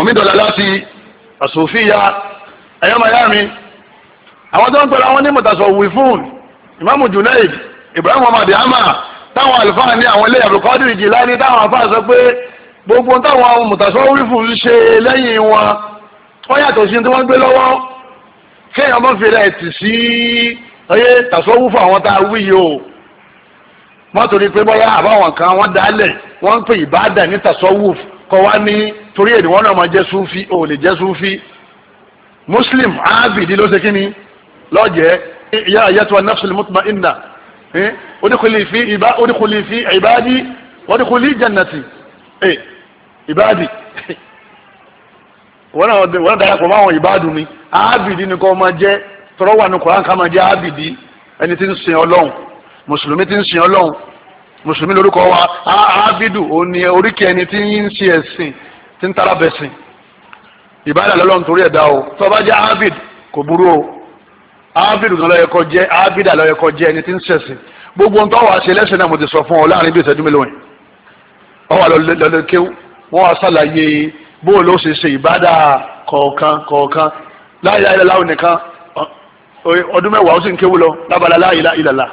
omi dọ̀là láti àsòfíà ẹ̀yọ́ mayami àwọn tó ń pẹ̀lú àwọn onímọ̀tàsọ̀ wifun Imam Junaid Ibrahim Muhammad Hama táwọn àlùfáà ní àwọn ilé Abdulkadir Jilani táwọn àfáà sọ pé gbogbo táwọn mọ̀tàsọ̀ wifun ṣe lẹ́yìn wọn wọ́n yàtọ̀ sí tí wọ́n gbé lọ́wọ́ kéèyàn bá fèrè ẹ̀ tì sí ọyẹ tàṣọ́wù fún àwọn tá a wí yìí o wọ́n torí pé bọ́yá àbáwọn kan wọ́n dálẹ̀ wọ́n ń pè ìbáàdà ní tàṣọ́wù kọ́ wá ní torí ẹ̀ ni wọ́n náà máa jẹ́ súnfí ò lè jẹ́ súnfí muslim abidi ló ṣe kíni lọ́jẹ́ ya ayatuwa nafsul mutma'inna odikuli fi ibá odikuli fi ibadi odikuli jannati eh ibadi wọ́n náà darapọ̀ mọ́ àwọn ibadu mi abidi ni kò máa jẹ́ tọrọ wà ní koran ká máa jẹ́ abidi ẹni tí ń sin ọlọ́run mùsùlùmí tí ń sin ọlọ́run mùsùlùmí lórúkọ wa abidu òun ni oríkì ẹni tí ń sin ẹ̀sìn tí ń tara bẹ̀sìn ìbádà lọ́lọ́run torí ẹ̀dá o tó bá jẹ́ abid kò burú o abid gan lọ́yẹ kọ jẹ́ abida lọ́yẹ kọ jẹ́ ẹni tí ń ṣẹ̀sìn gbogbo ohun tó wàá ṣe lẹ́sìn náà mo ti sọ fún ọ láàrin bí ìṣẹ́jú mélòó yẹn wọ́n wà lọ́lẹ́ kéw wọ́n wá sàlàyé bóun ló ṣe ṣe ìbádà kọ̀ọ̀kan kọ̀ọ̀kan láyé láyé nìkan ọdún mẹ́wàá ó sì ń kéwú lọ lábala láyé ìlàlá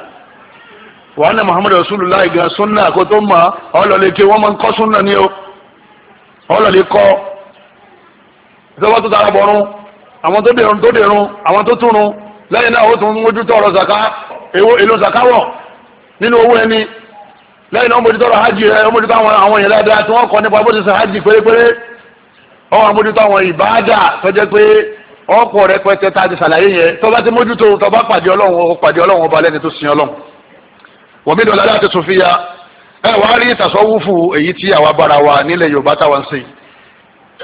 wàhánà muhammadu rasulullah gan sunna kó tó mọ̀ ọ́ lọ́lẹ́ kéw wọ́n máa ń kọ́ sunna ní o ọlọ́lẹ̀ kọ́ ìjọba tó tara bọ̀rún àwọn tó dèrún tó dèrún àwọn tó túnrún lẹ́yìn náà ó tún mójú tọrọ zaka èlò zaka wọ̀ nínú owó ẹni lẹ́yìn náà ó mójú tọrọ hajj rẹ ó mójú tọrọ àwọn èèyàn dáadáa tí wọ́n kọ́ nípa bó ti ṣe hajj pérépéré ọwọ́ mójú tọrọ àwọn ìbáàdà tó jẹ́ pé ọkọ̀ rẹ pẹ́tẹ́ tá a ti ṣàlàyé yẹn tó bá ti mójú tó bá pàdé ọlọ́run pàdé ọlọ́run ọba lẹ́ni tó sin ọlọ́run wọ́n mi dọ̀lá láti tún fi ẹ wàá rí tasọ́wúfù èyí tí àwa bára wa nílẹ̀ yorùbá táwa ń ṣe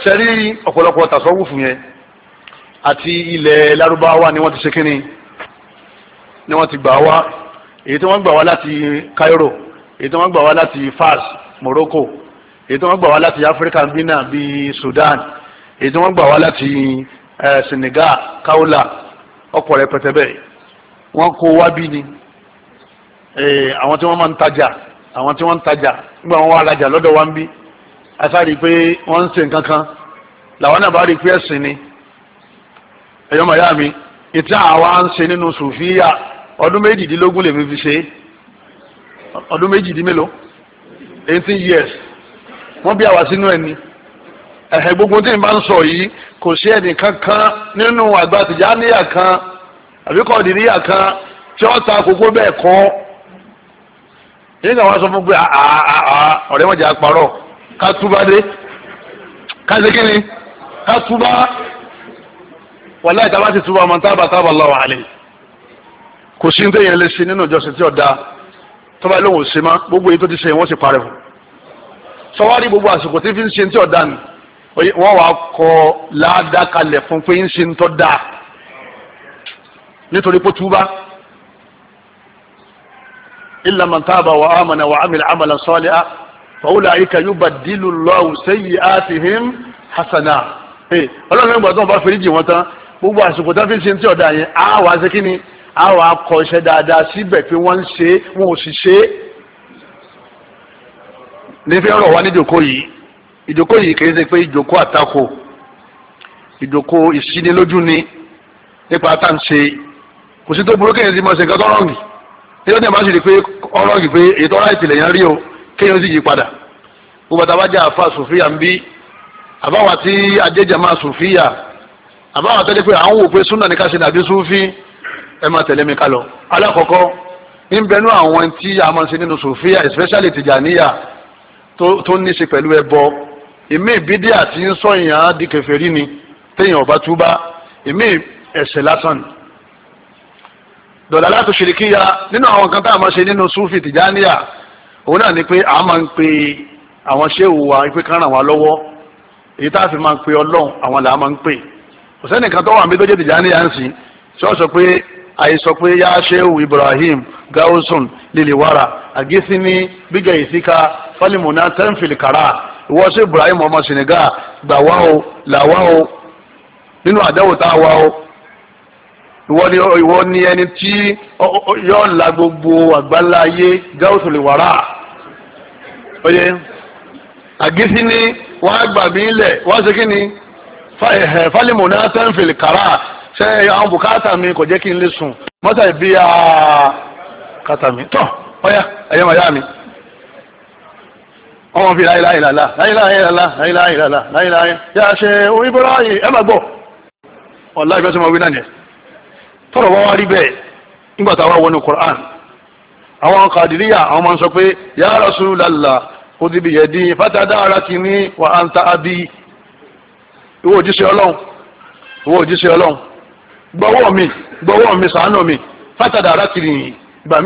sẹ́rí ọ̀pọ̀lọpọ̀ tasọ́wúfù yẹn àti ilẹ̀ lárúbáwá ni wọ́n ti ṣe kínní ni wọ́n ti gbà wá èyí tí wọ́n gbà wá láti Cairo èyí tí wọ́n gbà wá láti Fars Morocco èyí tí wọ́n gbà wá láti Africa bina bíi Sudan èyí tí wọ́n gbà wá láti Senegal kaula ọ̀pọ̀ rẹpẹtẹ bẹ́ẹ̀ wọ́n kó wá bí ni àwọn tí wọ́n máa ń tajà àwọn tí wọ́n ń tajà nígbà wọn wá alájà lọ́dọ̀ wa ń bí asáàrí pé wọ́n ń ṣe nǹkan kan làwọn náà bá rí pé ẹ̀sìn ni ẹ̀yọ́ màyá mi ìtí àwa ń ṣe nínú sùfíà ọdún méjìdínlógún lèmi fi ṣe ọdún méjìdínmélòó eighteen years wọ́n bí àwa sínú ẹni ẹ̀hẹ̀ gbogbo tí n bá ń sọ yìí kò sí ẹnìkan kan nínú àgbà tìjàníyà kan àbíkọ̀ọ́dìníyà kan tí ó ta kókó bẹ́ẹ̀ kọ́ yìí kà wọ́n sọ fún pé ah, ah, ah, ọ̀rẹ́ wọn jẹ́ àparọ́ ká túbá dé ká ṣe kíni ká túbá wàláì tá a bá ti túbá ọmọ tábà tábà lọ́wọ́ àlè kò sí ní tẹ̀yìn lẹ́sìn nínú ìjọsìn tí ọ̀dà tọ́ba lóhùn sí ma gbogbo èyí tó ti ṣe wọ́n sì parẹ́ fún sọwárí gbogbo àsìkò tí fi ń ṣe ní tí ọ̀dà ni wọ́n wàá kọ ládàkalẹ̀ fún pé ń ṣe ń tọ́ da nítorí pé túbá illa man taba wa amana wa amila amalan saliha fa ulaika yubaddilu Allahu sayyi'atihim hasana ọlọ́run ìgbà tó ń bá fèrèjì wọn tán gbogbo àsìkò tó fi ń ṣe ti ọ̀dà yẹn á wàá ṣe kínni á wàá kọ iṣẹ́ dáadáa síbẹ̀ pé wọ́n ń ṣe wọn ò sì ṣe é ní fi ọ̀rọ̀ wa ní ìjòkó yìí ìjòkó yìí kì í ṣe pé ìjòkó àtakò ìjòkó ìsínilójú ni nípa tá kò sí tó burúkú yẹn ti mọ̀ ṣe nǹkan tó rọ̀ǹgì tí ó dẹ̀ máa ń ṣe pé ọ̀rọ̀ yìí pé ètò ọ̀rọ̀ ìtìlẹ̀ yẹn rí o kéèyàn sì yí padà gbogbo àtàwọn ajá àfa sòfíà ń bí àbáwá tí ajẹ́jà máa sòfíà àbáwá tẹ́lẹ̀ pé àwọn wò pé súnà ní ká ṣe súnfí ẹ máa tẹ̀lé mi ká lọ. alákọ̀ọ́kọ́ ń bẹnu àwọn tí a máa ṣe nínú sòfíà especially tìjàníyà tó ní ṣe pẹ̀lú ẹbọ ìmí ìbídíà tí ń sọ ìyàn á di kèfèrí ni téèyàn ọba dọ̀là látò ṣèlékìyà nínú àwọn kan tá a máa ṣe nínú sufi tìjánìyà òun náà ni pé a máa ń pe àwọn ṣéwù wa pé kán ràn wá lọ́wọ́ èyí tá a fi máa ń pe ọlọ́run àwọn là á máa ń pè kò sẹ́nìkan tó wà mí tó tìjánìyà ń sìn tí wọ́n sọ pé àìsọ pé yá ṣéwù Ibrahim gausun liliwara àgísíní bíga ìsíka fálímùnà tẹ́ǹfìlì kàrà ìwọ sí Ibrahim ọmọ Senegal gbà wá o là o nínú àdẹ́wò tá a wá o ìwọ ni ìwọ ni ẹni tí yóò la gbogbo àgbáńlá ayé gáúsù lè wàrà oye àgísí ni wọn á gbà mí lẹ wọn á ṣe kí ni fálímù náà tẹ́ǹfìlì kàrà ṣe àwọn bùkátà mi kò jẹ́ kí n lè sùn mọ́tà ìbí kàtà mi tọ́ ọ̀yà ẹ̀yẹ́ màyá mi ọmọ fi láyé láyé lálá láyé láyé lálá láyé láyé lálá láyé láyé yà ṣe orí bọ́lá yìí ẹ má gbọ́ ọ̀la ìfẹsẹ̀ mọ̀ wí náà nìyẹn. tọrọ wá wá rí bẹ́ẹ̀ nígbà tá a wọnú Qur'an àwọn kàdìríyà àwọn máa ń sọ pé ya Rasulullah khudh bi yadi fatadarakini wa anta abi ìwọ òjíṣẹ́ Ọlọ́run ìwọ òjíṣẹ́ Ọlọ́run gbọ́wọ́ mi gbọ́wọ́ mi ṣàánú mi fatadarakini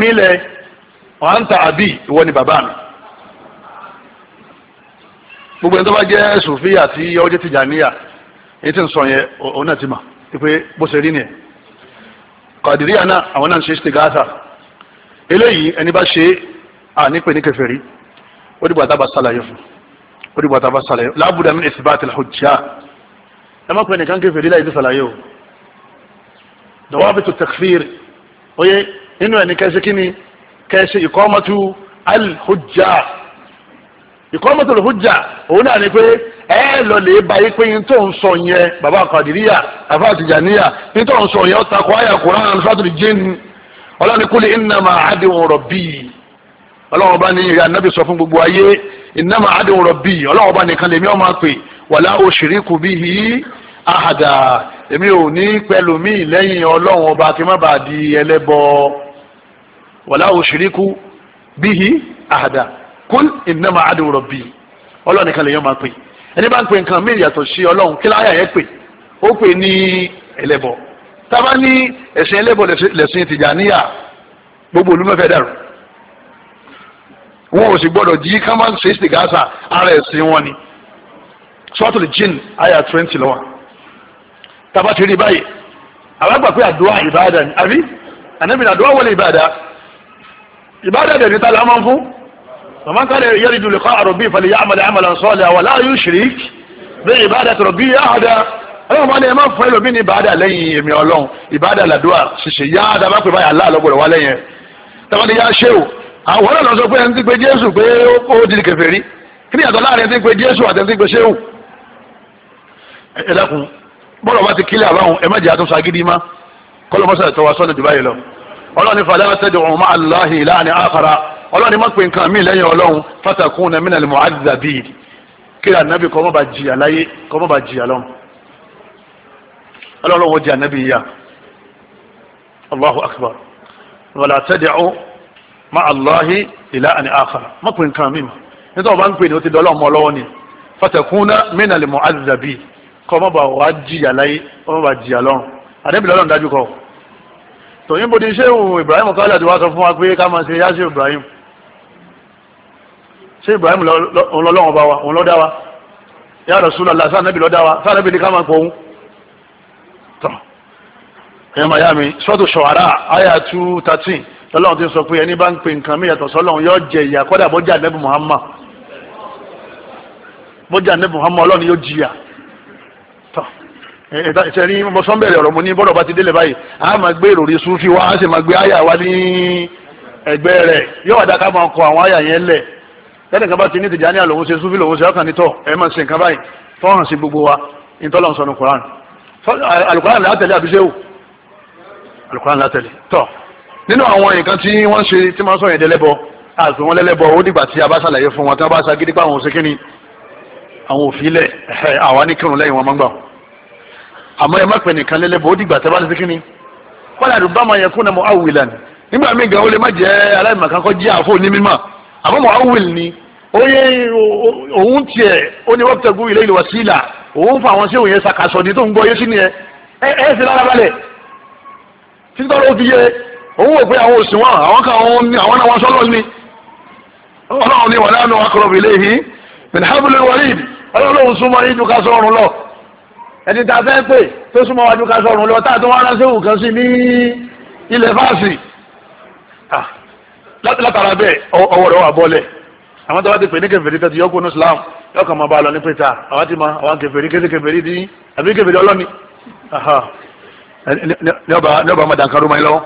mí lẹ abi ìwọ ni bàbá mi gbogbo ẹni tó bá jẹ́ sùfíà tí ọjọ́ èyí ń sọ yẹn òun náà ti mà kọ̀dìríyà náà àwọn náà ń ṣe istighatha eléyìí ẹni bá ṣe à nípe ní kèfèrí ó dìbò àtàbà sàlàyé fún ó dìbò àtàbà sàlàyé lábùdà min ithbat al-hujja ẹ má pè nìkan kèfèrí láì fi sàlàyé o dawabitu takfir ó yẹ nínú ẹni kẹsí kíni kẹsí iqamatu al ìkọ́mọ́tòlù hujja òun náà ni pé ẹ lọ lè ba yí pé yín tó ń sọ yẹn bàbá kàdíríyà àfa yín tó ń sọ yẹn ọ̀tà kọ́ àyà Kùránì fàtúrì sọ fún gbogbo ayé ìnàmà àdéhùn rọ̀bì bá nìkan lèmi ọmọ wàlá bí àhàdà èmi ò ọba di ẹlẹ́bọ wàlá òṣèríkù bí kul innama adu rabbi ọlọ́run nìkan lèyàn máa pè ẹni bá ń pè nǹkan míì yàtọ̀ sí ọlọ́run kí láyà yẹn pè ó pè ní ẹlẹ́bọ tábà ní ẹ̀sìn ẹlẹ́bọ lẹ̀sìn tìjàníyà gbogbo olúmọ̀fẹ́ dàrú wọn ò sì gbọdọ̀ jí ká máa ń ara ẹ̀sìn wọn ni sọ́tòlì jin àyà twenty lọ́wọ́ tábà ti rí báyìí àbágbà pé àdúrà ìbáàdà ni àbí ànábìnrin àdúrà wọlé ìbáàdà ìbáàdà dẹ̀ ní ta la máa ń fún فمن كان يريد لقاء ربي فليعمل عملا صالحا ولا يشرك بعبادة ربي أحدا ọlọ́run wọn ni ẹ máa fọ ẹlòmíì ní ìbáàdà lẹ́yìn èmi ọlọ́run ìbáàdà làdúrà ṣiṣẹ yá àdàbà pé báyà aláà lọ́gbọ̀dọ̀ wá lẹ́yìn ẹ̀ tàbí yá ṣé o àwọn ọlọ́run sọ pé ẹni tí ń pe jésù pé ó di kèfèrí kí ni ìyàtọ̀ láàrin ẹni tí ń pe jésù àti ẹni tí ń pe ṣéwù. ẹ dákun bọ́lá ọba ti kílẹ̀ àbáwọn ẹ má jẹ́ àtúnṣe agídí má kọ́lọ́mọ́sà ìtọ́wà sọ́nà jù báyìí lọ ọlọ́run ni fàlẹ́ ọlọ́run ni má pe nǹkan mí lẹ́yìn ọlọ́run fatakun na minal mu'adhdhabin kíra nàbì kọ́ mọ́ba jìyà láyé kọ́ mọ́ba jìyà lọ́run ọlọ́run wọ́n jìyà nàbì yá allahu akbar wàlá tad'u ma'a allahi ilahan akhar má pe nǹkan mí ma nítorí wọn bá ń pè ní o ti dọ́lọ́ ọmọ lọ́wọ́ ni fatakun na minal mu'adhdhabin kọ́ mọ́ba wàá jìyà láyé kọ́ mọ́ba jìyà lọ́run àdébìlẹ́ ọlọ́run dájú kọ́ tòyìnbó ni sẹ́wọ̀n Ibrahim kọ́lá ti wá sọ fún wa pé ká máa ṣe yáṣẹ́ Ibrahim ṣé Ibrahim ọlọ́wọ́n bá wa òun ló dá wa ya Rasulullah sànẹ́bì ló dá wa sànẹ́bì ní ká máa pọ̀ òun tọ̀ ẹ̀yẹ́ màyá sọ́tò ṣọ̀hárà àyà two thirteen lọ́lọ́run ti sọ pé ẹni bá ń pè nǹkan mí yàtọ̀ sọ́lọ́run yóò jẹ ìyà kọ́dà bọ́jà nẹ́bù Muhammad bọ́jà nẹ́bù Muhammad ọlọ́run yóò jìyà tọ̀ ìṣẹ̀rí mọ́sánbẹ̀rẹ̀ ọ̀rọ̀ mo ní bọ́dọ̀ bá ti délé báyìí a máa gbé ìròrí sufi wa a sì máa tẹ́lẹ̀ kan bá ti ní Tìjàní àlòun ṣe súfì lòun ṣe ọkàn nítọ̀ ẹ máa ṣe nǹkan báyìí fọ́hàn sí gbogbo wa ìtọ́lọ̀ sọnù Quran alukuran látẹ̀lé àbíṣẹ́wò alukuran látẹ̀lé tọ̀ nínú àwọn nǹkan tí wọ́n ṣe tí wọ́n sọ yẹn délẹ́bọ àti wọn lẹ́lẹ́bọ ó dìgbà tí a bá ṣàlàyé fún wọn tí wọ́n bá ṣagídí pa àwọn òṣèkínni àwọn òfìlẹ̀ àwa ní kírun lẹ́yìn wọn máa ń gbà àmọ́ ẹ má pè nìkan lẹ́lẹ́bọ ó dìgbà tí a bá ṣe kínni kọ́lá àdúgbò máa yẹ kó na mọ àwùlà nígbà míì gan ó lè má jẹ́ aláìmọ̀kan kọ́ jẹ́ àfọ̀ ní mímọ́ àmọ́ muawil ni oye òun tiẹ̀ ó ní wọ́n tẹ̀gún ilé ìlú wasila òun fa àwọn sí òun yẹn sàkàsọ̀ ní tó ń gbọ́ yé sí ni ẹ ẹ ẹ sì lára balẹ̀ títọ́ ló fi yé òun wò pé àwọn òsì wọn àwọn kan àwọn ní àwọn náà wọn sọ́lọ́ ni ọlọ́run ni wọn náà nù akọrọ ilé yìí minhabul walid ọlọ́run súnmọ́ yín ju sọ́run lọ ẹni tá a fẹ́ pè tó súnmọ́ wájú ká sọ́run lọ táà tó wá ránṣẹ́ òkàn sí ní ilẹ̀ fáàsì ah, látara bẹ́ẹ̀ ọwọ́ rẹ̀ wà bọ́ọ̀lẹ̀ àwọn tó bá ti pè ní kèfèrí tó ti yọkùn ní Islam yọkàn máa bá a lọ ní pété àwọn ti ma àwọn kèfèrí kéde kèfèrí dín àbí kèfèrí ọlọ́ni ní ọba madankaru máa ń lọ́wọ́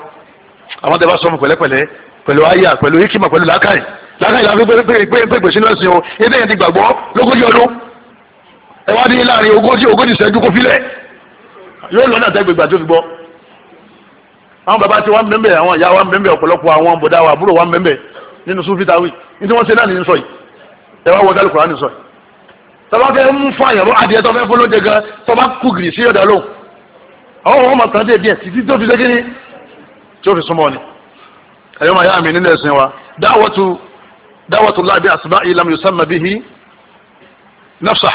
àwọn tó bá sọ fún pẹ̀lẹ́pẹ̀lẹ́ pẹ̀lú àyà pẹ̀lú hikima pẹ̀lú làákàyè làákàyè la fi pèpè sínú ẹ̀sìn o ilé yẹn ti gbàgbọ́ lógójì ọdún ẹ wá ní láàrin ogójì ogójì ìṣẹ́jú kó filẹ̀ yóò lọ́nà àtẹ́gbẹ̀gbà tó fi gbọ́ àwọn bàbá tí wọ́n bẹ̀m̀bẹ̀ àwọn ìyá wa bẹ̀m̀bẹ̀ ọ̀pọ̀lọpọ̀ àwọn bọ̀dá wa àbúrò wa bẹ̀m̀bẹ̀ nínú sufi tawi ní tí wọ́n ṣe náà ní sọ yìí ẹ wá wọ dálùkù rání sọ yìí tọ́ba fẹ́ mú fún àyànwó adìẹ tọ́ba fún lóúnjẹ gan tọ́ba kú gìrì sí ọ̀dà lóhùn àwọn ọmọ kan dé díẹ̀ títí tó fi ṣe kíní tí ó fi súnmọ́ ni ẹ̀yọ́ máa yá mi nínú ẹ̀sìn wa dáwọ́tu dáwọ́tu láàbí àsìbá ìlànà yusamma bihi nafsa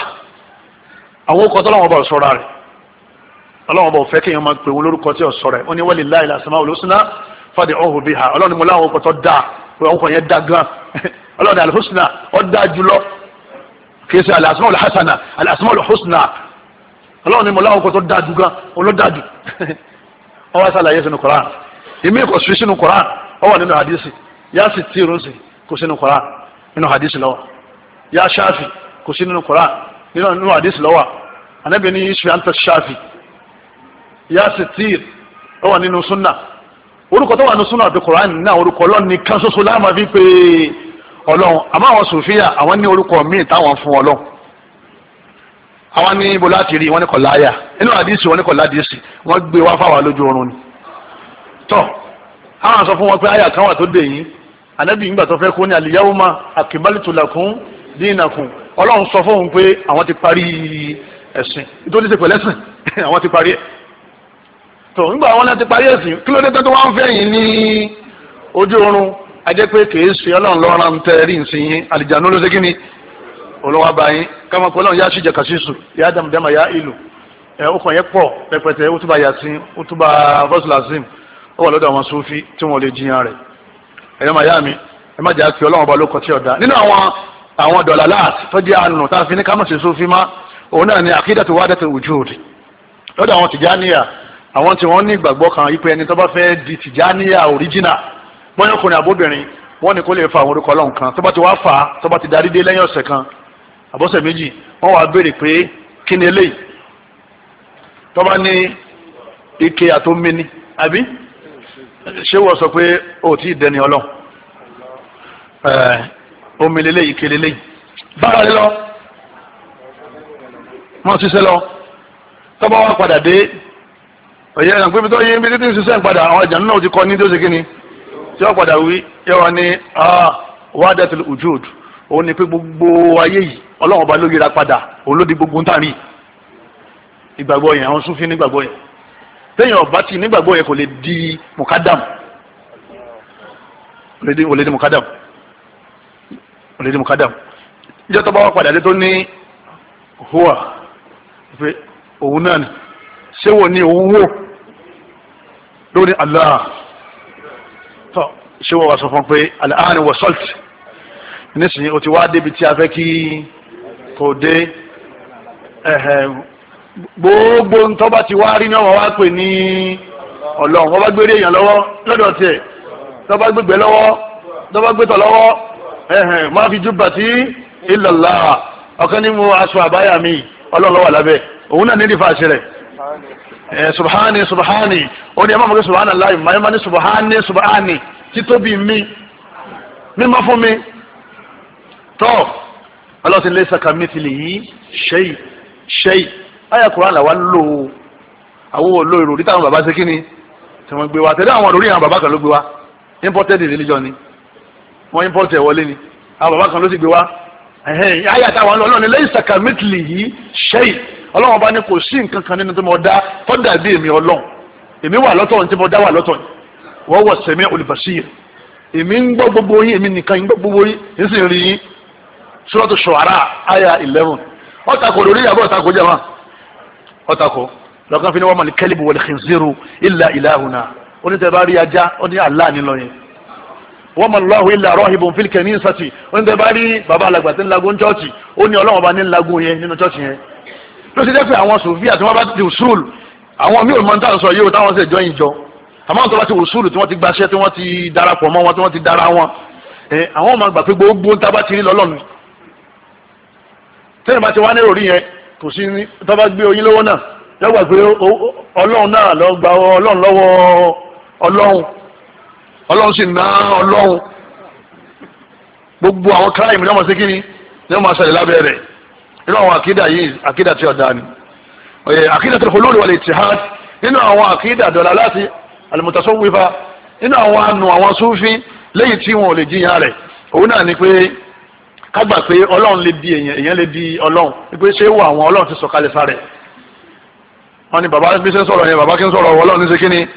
àwọn okọ̀ tọ́lọ́wọ́n bá sọ́ra rẹ̀ ọlọ́run ọba òfẹ́ kéèyàn máa pè wọn lórúkọ tí ọ̀sọ́ rẹ̀ ó ní wọ́n lè láì làásìmá olóṣùnà fàdé ọ̀hún bí ha ọlọ́run ni mo láwọn ọkọ̀ tó dáa pé ọkọ̀ yẹn dáa gan ọlọ́run alhusna ó dáa jùlọ kì í ṣe alásìmá olùhásánà alásìmá olùhusna ọlọ́run ni mo láwọn ọkọ̀ tó dáa jù gan olódàjù ó wá ṣàlàyé sínú koran èmi kò sí sínú koran ó wà nínú hadisi yá sì tí irun sí kò sínú koran nínú hadisi lọ́wọ́ yá ṣáfì kò sí nínú koran nínú hadisi lọ́wọ́ ànábì ní yusuf yanta ṣáfì ya sitir ó wà nínú súnà orúkọ tó wà nínú súnà àti koran náà orúkọ ọlọ́run nìkan ṣoṣo láàmà fi pé ọlọ́run àmọ́ àwọn sòfíà àwọn ní orúkọ míì táwọn fún ọlọ́run àwọn ní ibo láti rí wọn ní kọlá ayà inú àdìsí wọn ní kọlá àdìsí wọn gbé wá fáwọn lójú oorun ni tọ àwọn sọ fún wọn pé ayà kan wà tó dé yìí ànábì ìgbà tó fẹ́ kó ní al-yawma akmaltu lakum dinakum ọlọ́run sọ fóun pé àwọn ti parí ẹ̀sìn nítorí ṣe pẹ̀lẹ́sìn àwọn ti parí ẹ̀ tó ńgbà wọn náà ti parí ẹ̀sìn kí ló dé tó tó wá ń fẹ́ yín ní ojú oorun a jẹ́ pé kì í ṣe ọlọ́run lọ́ra ń tẹ́ rí nsìn yín àlìjánu ló ṣe kí ni olówó abayín káma pé ọlọ́run yá ṣìjà kàṣíṣù yá dàmdàmà yá ìlú ẹ ó kàn yẹ pọ̀ pẹpẹtẹ ó túbà yasin ó túbà fọsùlàsìn ó wà lọ́dọ̀ àwọn sufi tí wọ́n lè jiyàn rẹ̀ ẹ̀yọ́ màá yá mi ẹ má jẹ́ àti ọlọ́run ọba ló kọ́ tí ọ̀dà nínú àwọn àwọn dọ̀là láàt àánú tá a fi ní kámọ̀sí sufi má òun náà ni àkídàtúwádàtú wùjúùdì lọ́dọ̀ àwọn tìjáníyà àwọn tí wọ́n ní ìgbàgbọ́ kan yí pé ẹni tó bá fẹ́ di tìjàníyà original bóyá ọkùnrin àbóbìnrin wọ́n ní kó lè fa àwọn orúkọ ọlọ́run kan tó bá ti wá fà á tó bá ti darí dé lẹ́yìn ọ̀sẹ̀ kan àbọ̀sẹ̀ méjì wọ́n wá béèrè pé kí ni eléyìí tó bá ní ike àtòmí ni àbí ṣé wọ́n sọ pé o ti dẹni ọlọ́run omi leléyìí ike leléyìí bára lé lọ wọ́n ti sẹ́ lọ tó bá wá padà dé òye ẹ̀ràn pé bitọ́ yé ń bí títí ń ṣiṣẹ́ padà àwọn ìjà náà ti kọ́ ní tó ṣe kíni tí wọ́n padà wí yẹ́wọ́ ni ah, wahdatul wujud òun ni pé gbogbo ayé yìí ọlọ́run ọba ló yẹra padà òun ló di gbogbo ń tàrí ìgbàgbọ́ yẹn àwọn súnfín nígbàgbọ́ yẹn téèyàn ọba ti nígbàgbọ́ yẹn kò lè di mukadam kò lè di mukadam kò lè di mukadam ìjọ tó bá wà padà dé tó ní hùwà òun náà ni ṣé wò ni òun wò lórí Allah tọ́ ṣé wọ́n wá sọ fún pé alahani wọ sọ́ọ̀tì nísìnyí o ti wá débi tí a fẹ́ kí kò dé gbogbo ntọ́ba ti wá rí ní ọmọ wa pè ní ọlọ́run wọ́n bá gbé èèyàn lọ́wọ́ lọ́dọ̀ tiẹ̀ tọ́ bá gbégbé lọ́wọ́ tọ́ bá gbétọ̀ lọ́wọ́ máa fi júbà tí illallah ọ̀kan ní mu aṣọ àbáyà mi ọlọ́run ló wà òun náà ní ìdí fàṣẹ rẹ̀. Eh, subhani subhani ó ní ẹ má mọ̀ pé subhani aláì máa ma ní subhani subhani títóbi mi mímọ́ fún mi tọ́ ọlọ́sìn lè sàkà mi ti lè yí ṣẹ́yì ṣẹ́yì ayé kuran làwa ń lò ó àwọn olórí ìròrí táwọn bàbá ṣe kí ni tí wọ́n gbé wa tẹ̀lé àwọn ìròrí àwọn bàbá kan ló gbé wa imported religion ni wọ́n imported wọlé ni àwọn bàbá kan ló sì gbé wa ayé àtàwọn ọlọ́ọ̀ni lè sàkà mi ti lè yí ṣẹ́yì ọlọ́run bá ní kò sí nǹkan kan nínú tí mo dá tó dàbí èmi ọlọ́run èmi wà lọ́tọ̀ ní tí mo dá wà lọ́tọ̀ ní wọ́n wọ̀ sẹ́mi olùbàṣíyè èmi ń gbọ́ gbogbo yín èmi nìkan ń gbọ́ gbogbo yín ń sì rí yín Suratu Shu'ara àyà eleven ọ̀tàkọ̀ lórí ìyàbọ̀ ọ̀tàkọ̀ jẹ́ wọn ọ̀tàkọ̀ lọ́kàn fi ni wọ́n mọ̀ ní kẹ́líbù wal khinziru illa ilahuna onítẹ̀bá rí ajá ó ní Allah nílọ yẹn wọ́n mọ̀ lọ́hùn ilà rọ́hìbùn fílkẹ́ ní sàtì onítẹ̀bá rí bàbá alàgbà tí ń lagun chọ́ọ̀chì ó ní ọlọ́wọ́n bá ní lagun yẹn nínú chọ́ọ̀chì yẹn ló ṣe jẹ́ pé àwọn sòfíà àti wọn bá ti usul àwọn mí ò mọ níta sọ yìí o táwọn ṣe jọ yín jọ àmọ́ àwọn tó bá ti usul tí wọ́n ti gbaṣẹ́ tí wọ́n ti darapọ̀ mọ́ wọn tí wọ́n ti dara wọn ẹ àwọn ọmọ àgbà pé gbogbo ń tábà ti rí lọ́lọ́nu tẹ́lẹ̀ bá ti wá nírò rí yẹn kò sí ní tó bá gbé oyin lọ́wọ́ náà lọ́gbà pé ọlọ́run náà lọ gba ọlọ́run lọ́wọ́ ọlọ́run ọlọ́run sì ná ọlọ́run gbogbo àwọn kíláìmù ni wọ́n mọ̀ sí kí ni ni wọ́n mọ̀ sọ̀rọ̀ lábẹ́ rẹ̀ nínú àwọn àkídà yìí àkídà tí ọ̀dà ni àkídà tó hulul wal ittihad nínú àwọn àkídà dọ̀là láti al-mutasawwifa nínú àwọn anu àwọn sufi lẹ́yìn tí wọn ò lè jiyàn rẹ̀ òun náà ni pé kágbà pé ọlọ́run lè di èèyàn èèyàn lè di ọlọ́run pé ṣé wọ àwọn ọlọ́run ti sọ̀kalẹ̀ sáré wọn ni bàbá bí ṣe ń sọ̀rọ̀ yẹn bàbá kí ń sọ̀rọ̀ ọlọ́run ní ṣe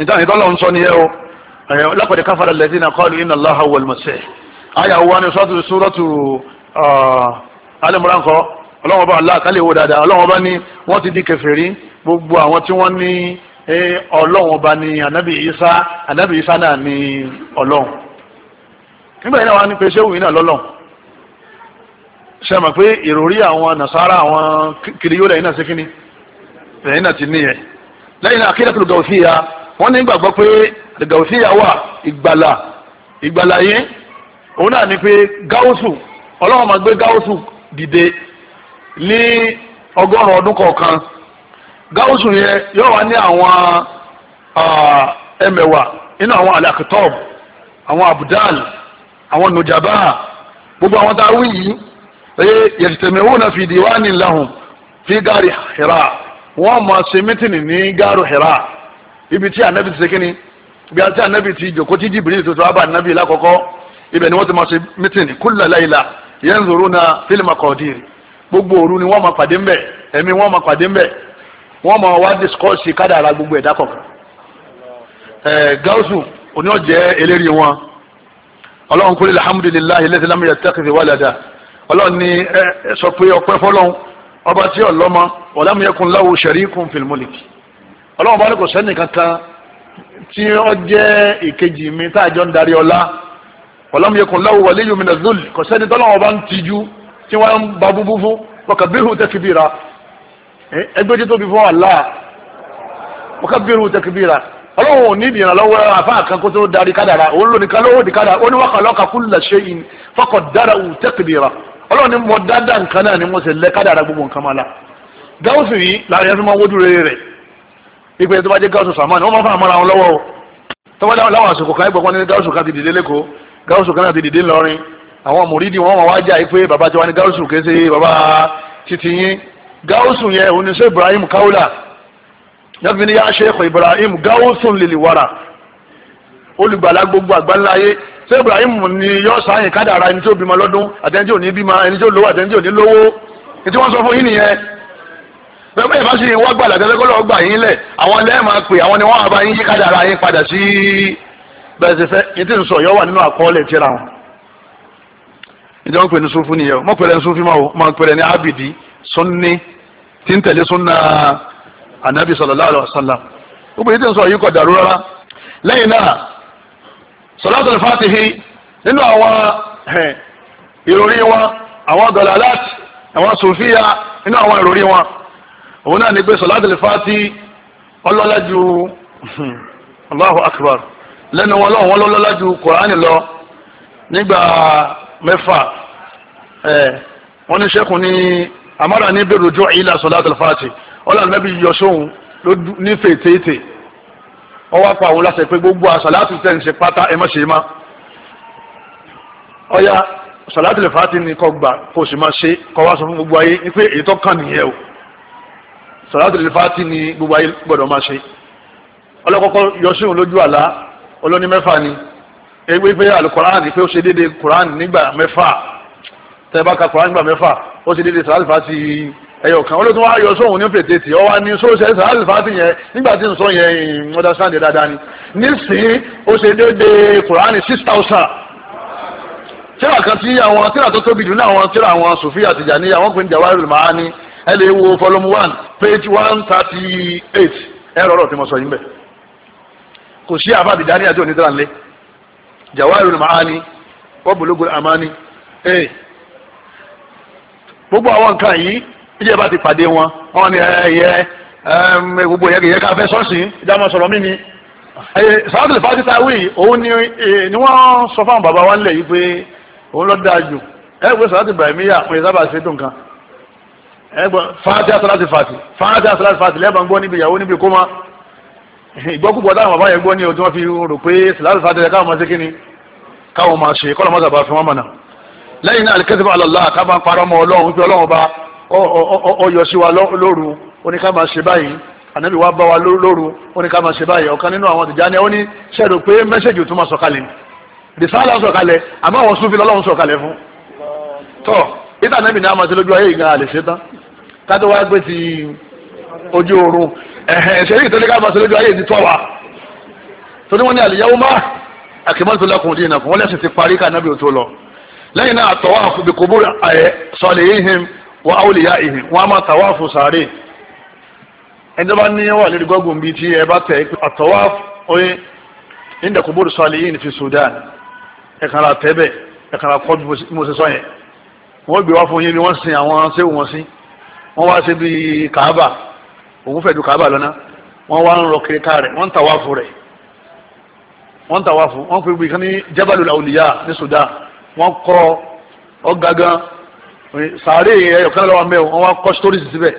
ìtàn ìtọ́lọ́run sọ ni ẹ o laqad kafara alladhina qalu inna Allaha huwal masih àyà wa ni sọ́tù sọ́tù ah, alẹ́mọ̀rá ń kọ́ ọlọ́wọ́n bá Allah kálẹ̀ wo dáadáa ọlọ́wọ́n bá ní wọ́n ti di kèfèrí gbogbo àwọn tí wọ́n ní ọlọ́wọ́n bá ní anabi isa anabi isa náà ní ọlọ́wọ́n nígbà yìí náà wọ́n á ní pé ṣé òun náà lọ́lọ́wọ́n ṣe mọ̀ pé ìròrí àwọn nasara àwọn kiriyó lẹ́yìn náà sí kíní lẹ́yìn náà ti ní yẹn lẹ́yìn náà akíndàkùn gàwùsíyà wọ́n ní gbàgbọ́ pé gàwùsíyà wà ìgbàlà ìgbàlà yẹn òun náà ní pé gáwùsù dìde ní ọgọ́rùn ọdún kọ̀ọ̀kan gáúsù yẹn yóò wá ní àwọn ẹmẹ̀wà nínú àwọn alakitob àwọn abudal àwọn nujaba gbogbo àwọn tá a wí yìí yẹtẹmẹwò náà fi diwani lahum fi gari hira wọn máa ṣe mítìnì ní gari hira ibi tí anabi ti ṣe kíni ibi tí anabi ti jòkó tí jibril tó tó wá bá anabi lákọ̀ọ́kọ́ ibẹ̀ ni wọ́n ti máa ṣe mítìnì kulla yanzuruna fil maqadir gbogbo òru ni wọ́n máa pàdé ńbẹ̀ ẹ̀mí wọ́n máa pàdé ńbẹ̀ wọ́n máa wá discourse kádàrá gbogbo ẹ̀dá kọ̀ọ̀kan ẹ̀ gáúsù oní ọ̀jẹ́ eléri wọn ọlọ́run kúrẹ́ alhamdulillahi lẹ́sẹ̀ lámì yàtàkìsì wàlàdà ọlọ́run ni ẹ sọ pé ọpẹ́ fọlọ́run ọba tí ọlọ́mọ ọ̀làmù yẹkùn láwù sharikun fil mulk ọlọ́run bá ní kò sẹ́nì kankan tí ó ìkejì mi tá àjọ ń darí ọlá wàlámù yẹ kàn láwù wàlẹ́yìn omi nàzúl kò sẹ́ni tọ́lọ́wọ́ bá ń tijú tí wọ́n ń ba búbú fún wakabiru takibira ẹgbẹ́ tí tóbi fún Allah wakabiru takibira ọlọ́run ò ní ìdìyàn lọ́wọ́ àfa kan kó tó darí kádàrà òun ló nìkan lọ́wọ́ di kádàrà ó ní wàkàlọ́kà kulla shay'in faqaddarahu takdira ọlọ́run ni mo dáadáa nǹkan náà ni mo sì lẹ́ kádàrà gbogbo nǹkan máa la gáwùsù yìí láàrin ẹni máa wójú rere rẹ̀ ìpè tó bá jẹ́ gáwùsù sàmánì wọ́n máa fà àmọ́ra wọn lọ́wọ́ o tọ́wọ́ láwọn àsìkò kan ẹgbẹ̀kan ní gáwùsù kan ti dìde lẹ́kọ̀ọ́ gáúsù kan náà ti dìde ńlọrin àwọn mùrídì wọn wọn wá jà yìí pé baba, tiwa ni gáúsù kìí titi yín gáúsù yẹn òun ibrahim kaula nàbí ni yá sheikh ibrahim gáúsù liliwara, wara olùgbàlà gbogbo àgbáńláyé ṣé ibrahim ni yọ sáyìn kádàrà ẹni tí ó bímọ lọ́dún àtẹni tí ò ní bímọ ẹni tí ó lówó àtẹni tí ò ní lówó ètí wọ́n sọ fún yín nìyẹn bẹ́ẹ̀ bá sì wá gbàlà tẹ́lẹ́kọ́ lọ́ọ́ gbà yín lẹ̀ àwọn lẹ́ẹ̀ pè àwọn ni wọ́n á bá yín yí kádàrà yín padà sí bẹ́ẹ̀ ṣe fẹ́ yìí tí ń sọ yọ wà nínú àkọọ́lẹ̀ tíra wọn ìjọba pè ní sunfún nìyẹn o mọ̀pẹ̀lẹ̀ ní sunfún máa máa pẹ̀lẹ̀ ní abidi sunni tí ń tẹ̀lé sunna anabi sallallahu alaihi wasallam ó pè yìí tí ń sọ yìí kọ̀ dàrú rárá lẹ́yìn náà salatul fatihi nínú àwọn ìròrí wọn àwọn dalalat àwọn sofiya nínú àwọn ìròrí wọn òun náà ní pé salatul fatihi ọlọ́lá ju allahu akbar lẹ́nu wọn lọ́wọ́ lọ́lọ́lá ju kùránì lọ nígbà mẹ́fà ẹ̀ wọ́n ní sẹ́kùn ní amára ní bẹ̀rù ojú ìlà sọ̀láàtì fàtì ọ̀là nàbí yọ sóhun ní fètèètè wọ́n wá pa àwọn láṣẹ pé gbogbo àṣàláàtì tẹ̀ ń ṣe pátá ẹ̀ mọ̀ṣẹ̀ má ọ̀yà sọ̀láàtì fàtì ní kọ́ gbà kó sì máa ṣe kọ́ wá sọ fún gbogbo ayé ní pé èyí tó kàn nìyẹn o sọ̀láàtì fàtì ní gbogbo ayé gbọ́dọ̀ máa ṣe ọlọ́kọ́kọ́ yọ sóhun lójú àlá olóní mẹ́fà ni ewé pé alukoran pé ó ṣe déédéé koran nígbà mẹ́fà tẹ́ẹ̀bá ka koran nígbà mẹ́fà ó ṣe déédéé sàlìfà sí ẹyọ kan olóòtú wa yọ sóhun ní pètètè ọwọ́ ni sóṣẹ sàlìfà sí yẹn nígbà tí n sọ yẹn understand dáadáa ni nísìnyí ó ṣe déédéé koran six thousand tíra kan tí àwọn tíra tó tóbi jù ní àwọn tíra àwọn Sofia Tijaniya àwọn pè ní Jawahirul Ma'ani ẹ lè wo volume one page one thirty eight ẹ rọrọ tí mo sọ yín bẹ́ẹ̀ kò sí àbá àbìdáni àti onídàá ńlẹ Jawahirul Ma'ani wa Bulugul Amani ee eh. gbogbo àwọn nǹkan yìí ìjẹ́ bá ti pàdé wọn wọn ni eh, ẹ̀yẹ gbogbo ẹ̀yẹ kìí yẹ ká fẹ́ sọ́ọ̀sì ìjà máa sọ̀rọ̀ mí eh, ni sàátìlì fàájì táwí òun ni wọ́n sọ fáwọn bàbá wa ńlẹ̀ yìí pé òun lọ dáa jù ẹ gbé sàátì Ibrahimiyya òun yẹn sábà ṣe dùn kan ẹ gbọ́ fàájì àtàlàtì fàtì fàájì àtàlàtì fàtì lẹ́ẹ̀bà ń gbọ́ níbi ìyàwó níbi kó máa ìgbọ́kúgbọ́ táwọn bàbá yẹn gbọ́ ní ọdún wọn fi rò pé sìláàlù fàtẹ́lẹ̀ káwọn máa ṣe kí ni káwọn máa ṣe kọ́lọ́ máa sàbà fi wọ́n mọ̀nà lẹ́yìn náà alikẹ́sìbà àlọ́lá ká máa parọ́ mọ́ ọlọ́run pé ọlọ́run bá ọyọ sí wa lóru ó ní ká máa ṣe báyìí ànábì wa bá wa lóru ó ní ká máa ṣe báyìí ọ̀kan nínú àwọn tìjà ni ó ní ṣẹ́ẹ̀dù pé mẹ́sẹ̀jì tún máa sọ̀kalẹ̀ rìsáàlà sọ̀kalẹ̀ àmọ́ àwọn súnfin lọ́lọ́run sọ̀kalẹ̀ fún tọ́ ìtànẹ́bì ni a máa ṣe lójú ayé ìgbà àlè ṣetán ká tó wá gbé ti ojú oorun ṣẹ̀rí ìtọ́lẹ́ ká máa ṣe lójú ayé ti tọ́ wa torí wọ́n ní àlìyáwó má àkèmọ́tò lẹ́kùn dín náà wọ́n lẹ́sìn ti parí ká nábì tó lọ lẹ́yìn náà àtọ̀wáàfù bí kòbó sọlẹ̀ ihim wọ́n áwòlìyá ihim wọ́n á máa tàwáàfù sàárè ẹni bá ní wà lórí gọ́gùn bíi tí ẹ bá tẹ̀ àtọ̀wáàfù oye nígbà kòbó sọlẹ̀ ihim fi Sudan ẹ̀kan ra tẹ́bẹ̀ ẹ̀kan ra kọ́ mo ṣe sọ yẹn wọ́n gbé wá fún yín ni wọ́n sin àwọn séwù wọn sí wọ́n wá sí bíi Kaaba òun fẹ́ ju kaaba lọ́nà wọ́n wá ń rọ kiri ká rẹ̀ wọ́n ń tàwa fún rẹ̀ wọ́n ń tàwa fún wọ́n fi gbìkan ní Jabalul Awliya ní Sudan wọ́n kọ́ ọ̀gángan sàárè ẹ̀yọ̀kan lọ́wọ́ mẹ́wọ̀ wọ́n wá kọ́ stories síbẹ̀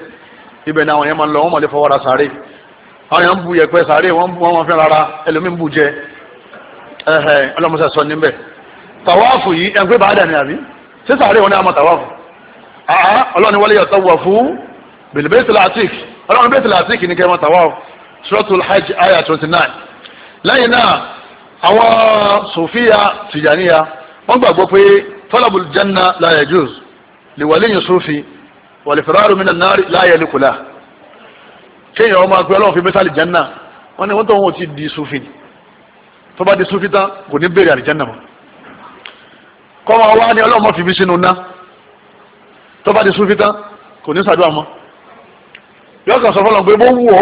ibẹ̀ náà àwọn yẹn máa ń lọ wọ́n máa lè fọwọ́ ra sàárè àwọn yẹn ń bu yẹpẹ sàárè wọ́n bu wọn fẹ́ rárá ẹlòmíín bu jẹ ẹhẹ sọ níbẹ̀ ọlọ́run bẹ́ẹ̀ tẹ̀lé àti kìnnìkan ẹ̀mọ́ tàwa o suratul hajj aya twenty nine lẹ́yìn náà àwọn sofiya tijaniya wọ́n gbàgbọ́ pé talabul janna la yajuz liwaliyin sufi walifiraru minan nari la yalikula kéèyàn ọmọ akpẹ́ ọlọ́run fi mẹ́tàlì janna wọ́n ní wọ́n tó wọn ti di sufi tó di sufi tán kò ní bèrè àlìjanna mọ́ kọ́ wọn wá ọlọ́run fi mí sínú ná tó di sufi tán kò ní sàdúrà mọ́ yọ kàn sọ fọlọ pé bó wù ọ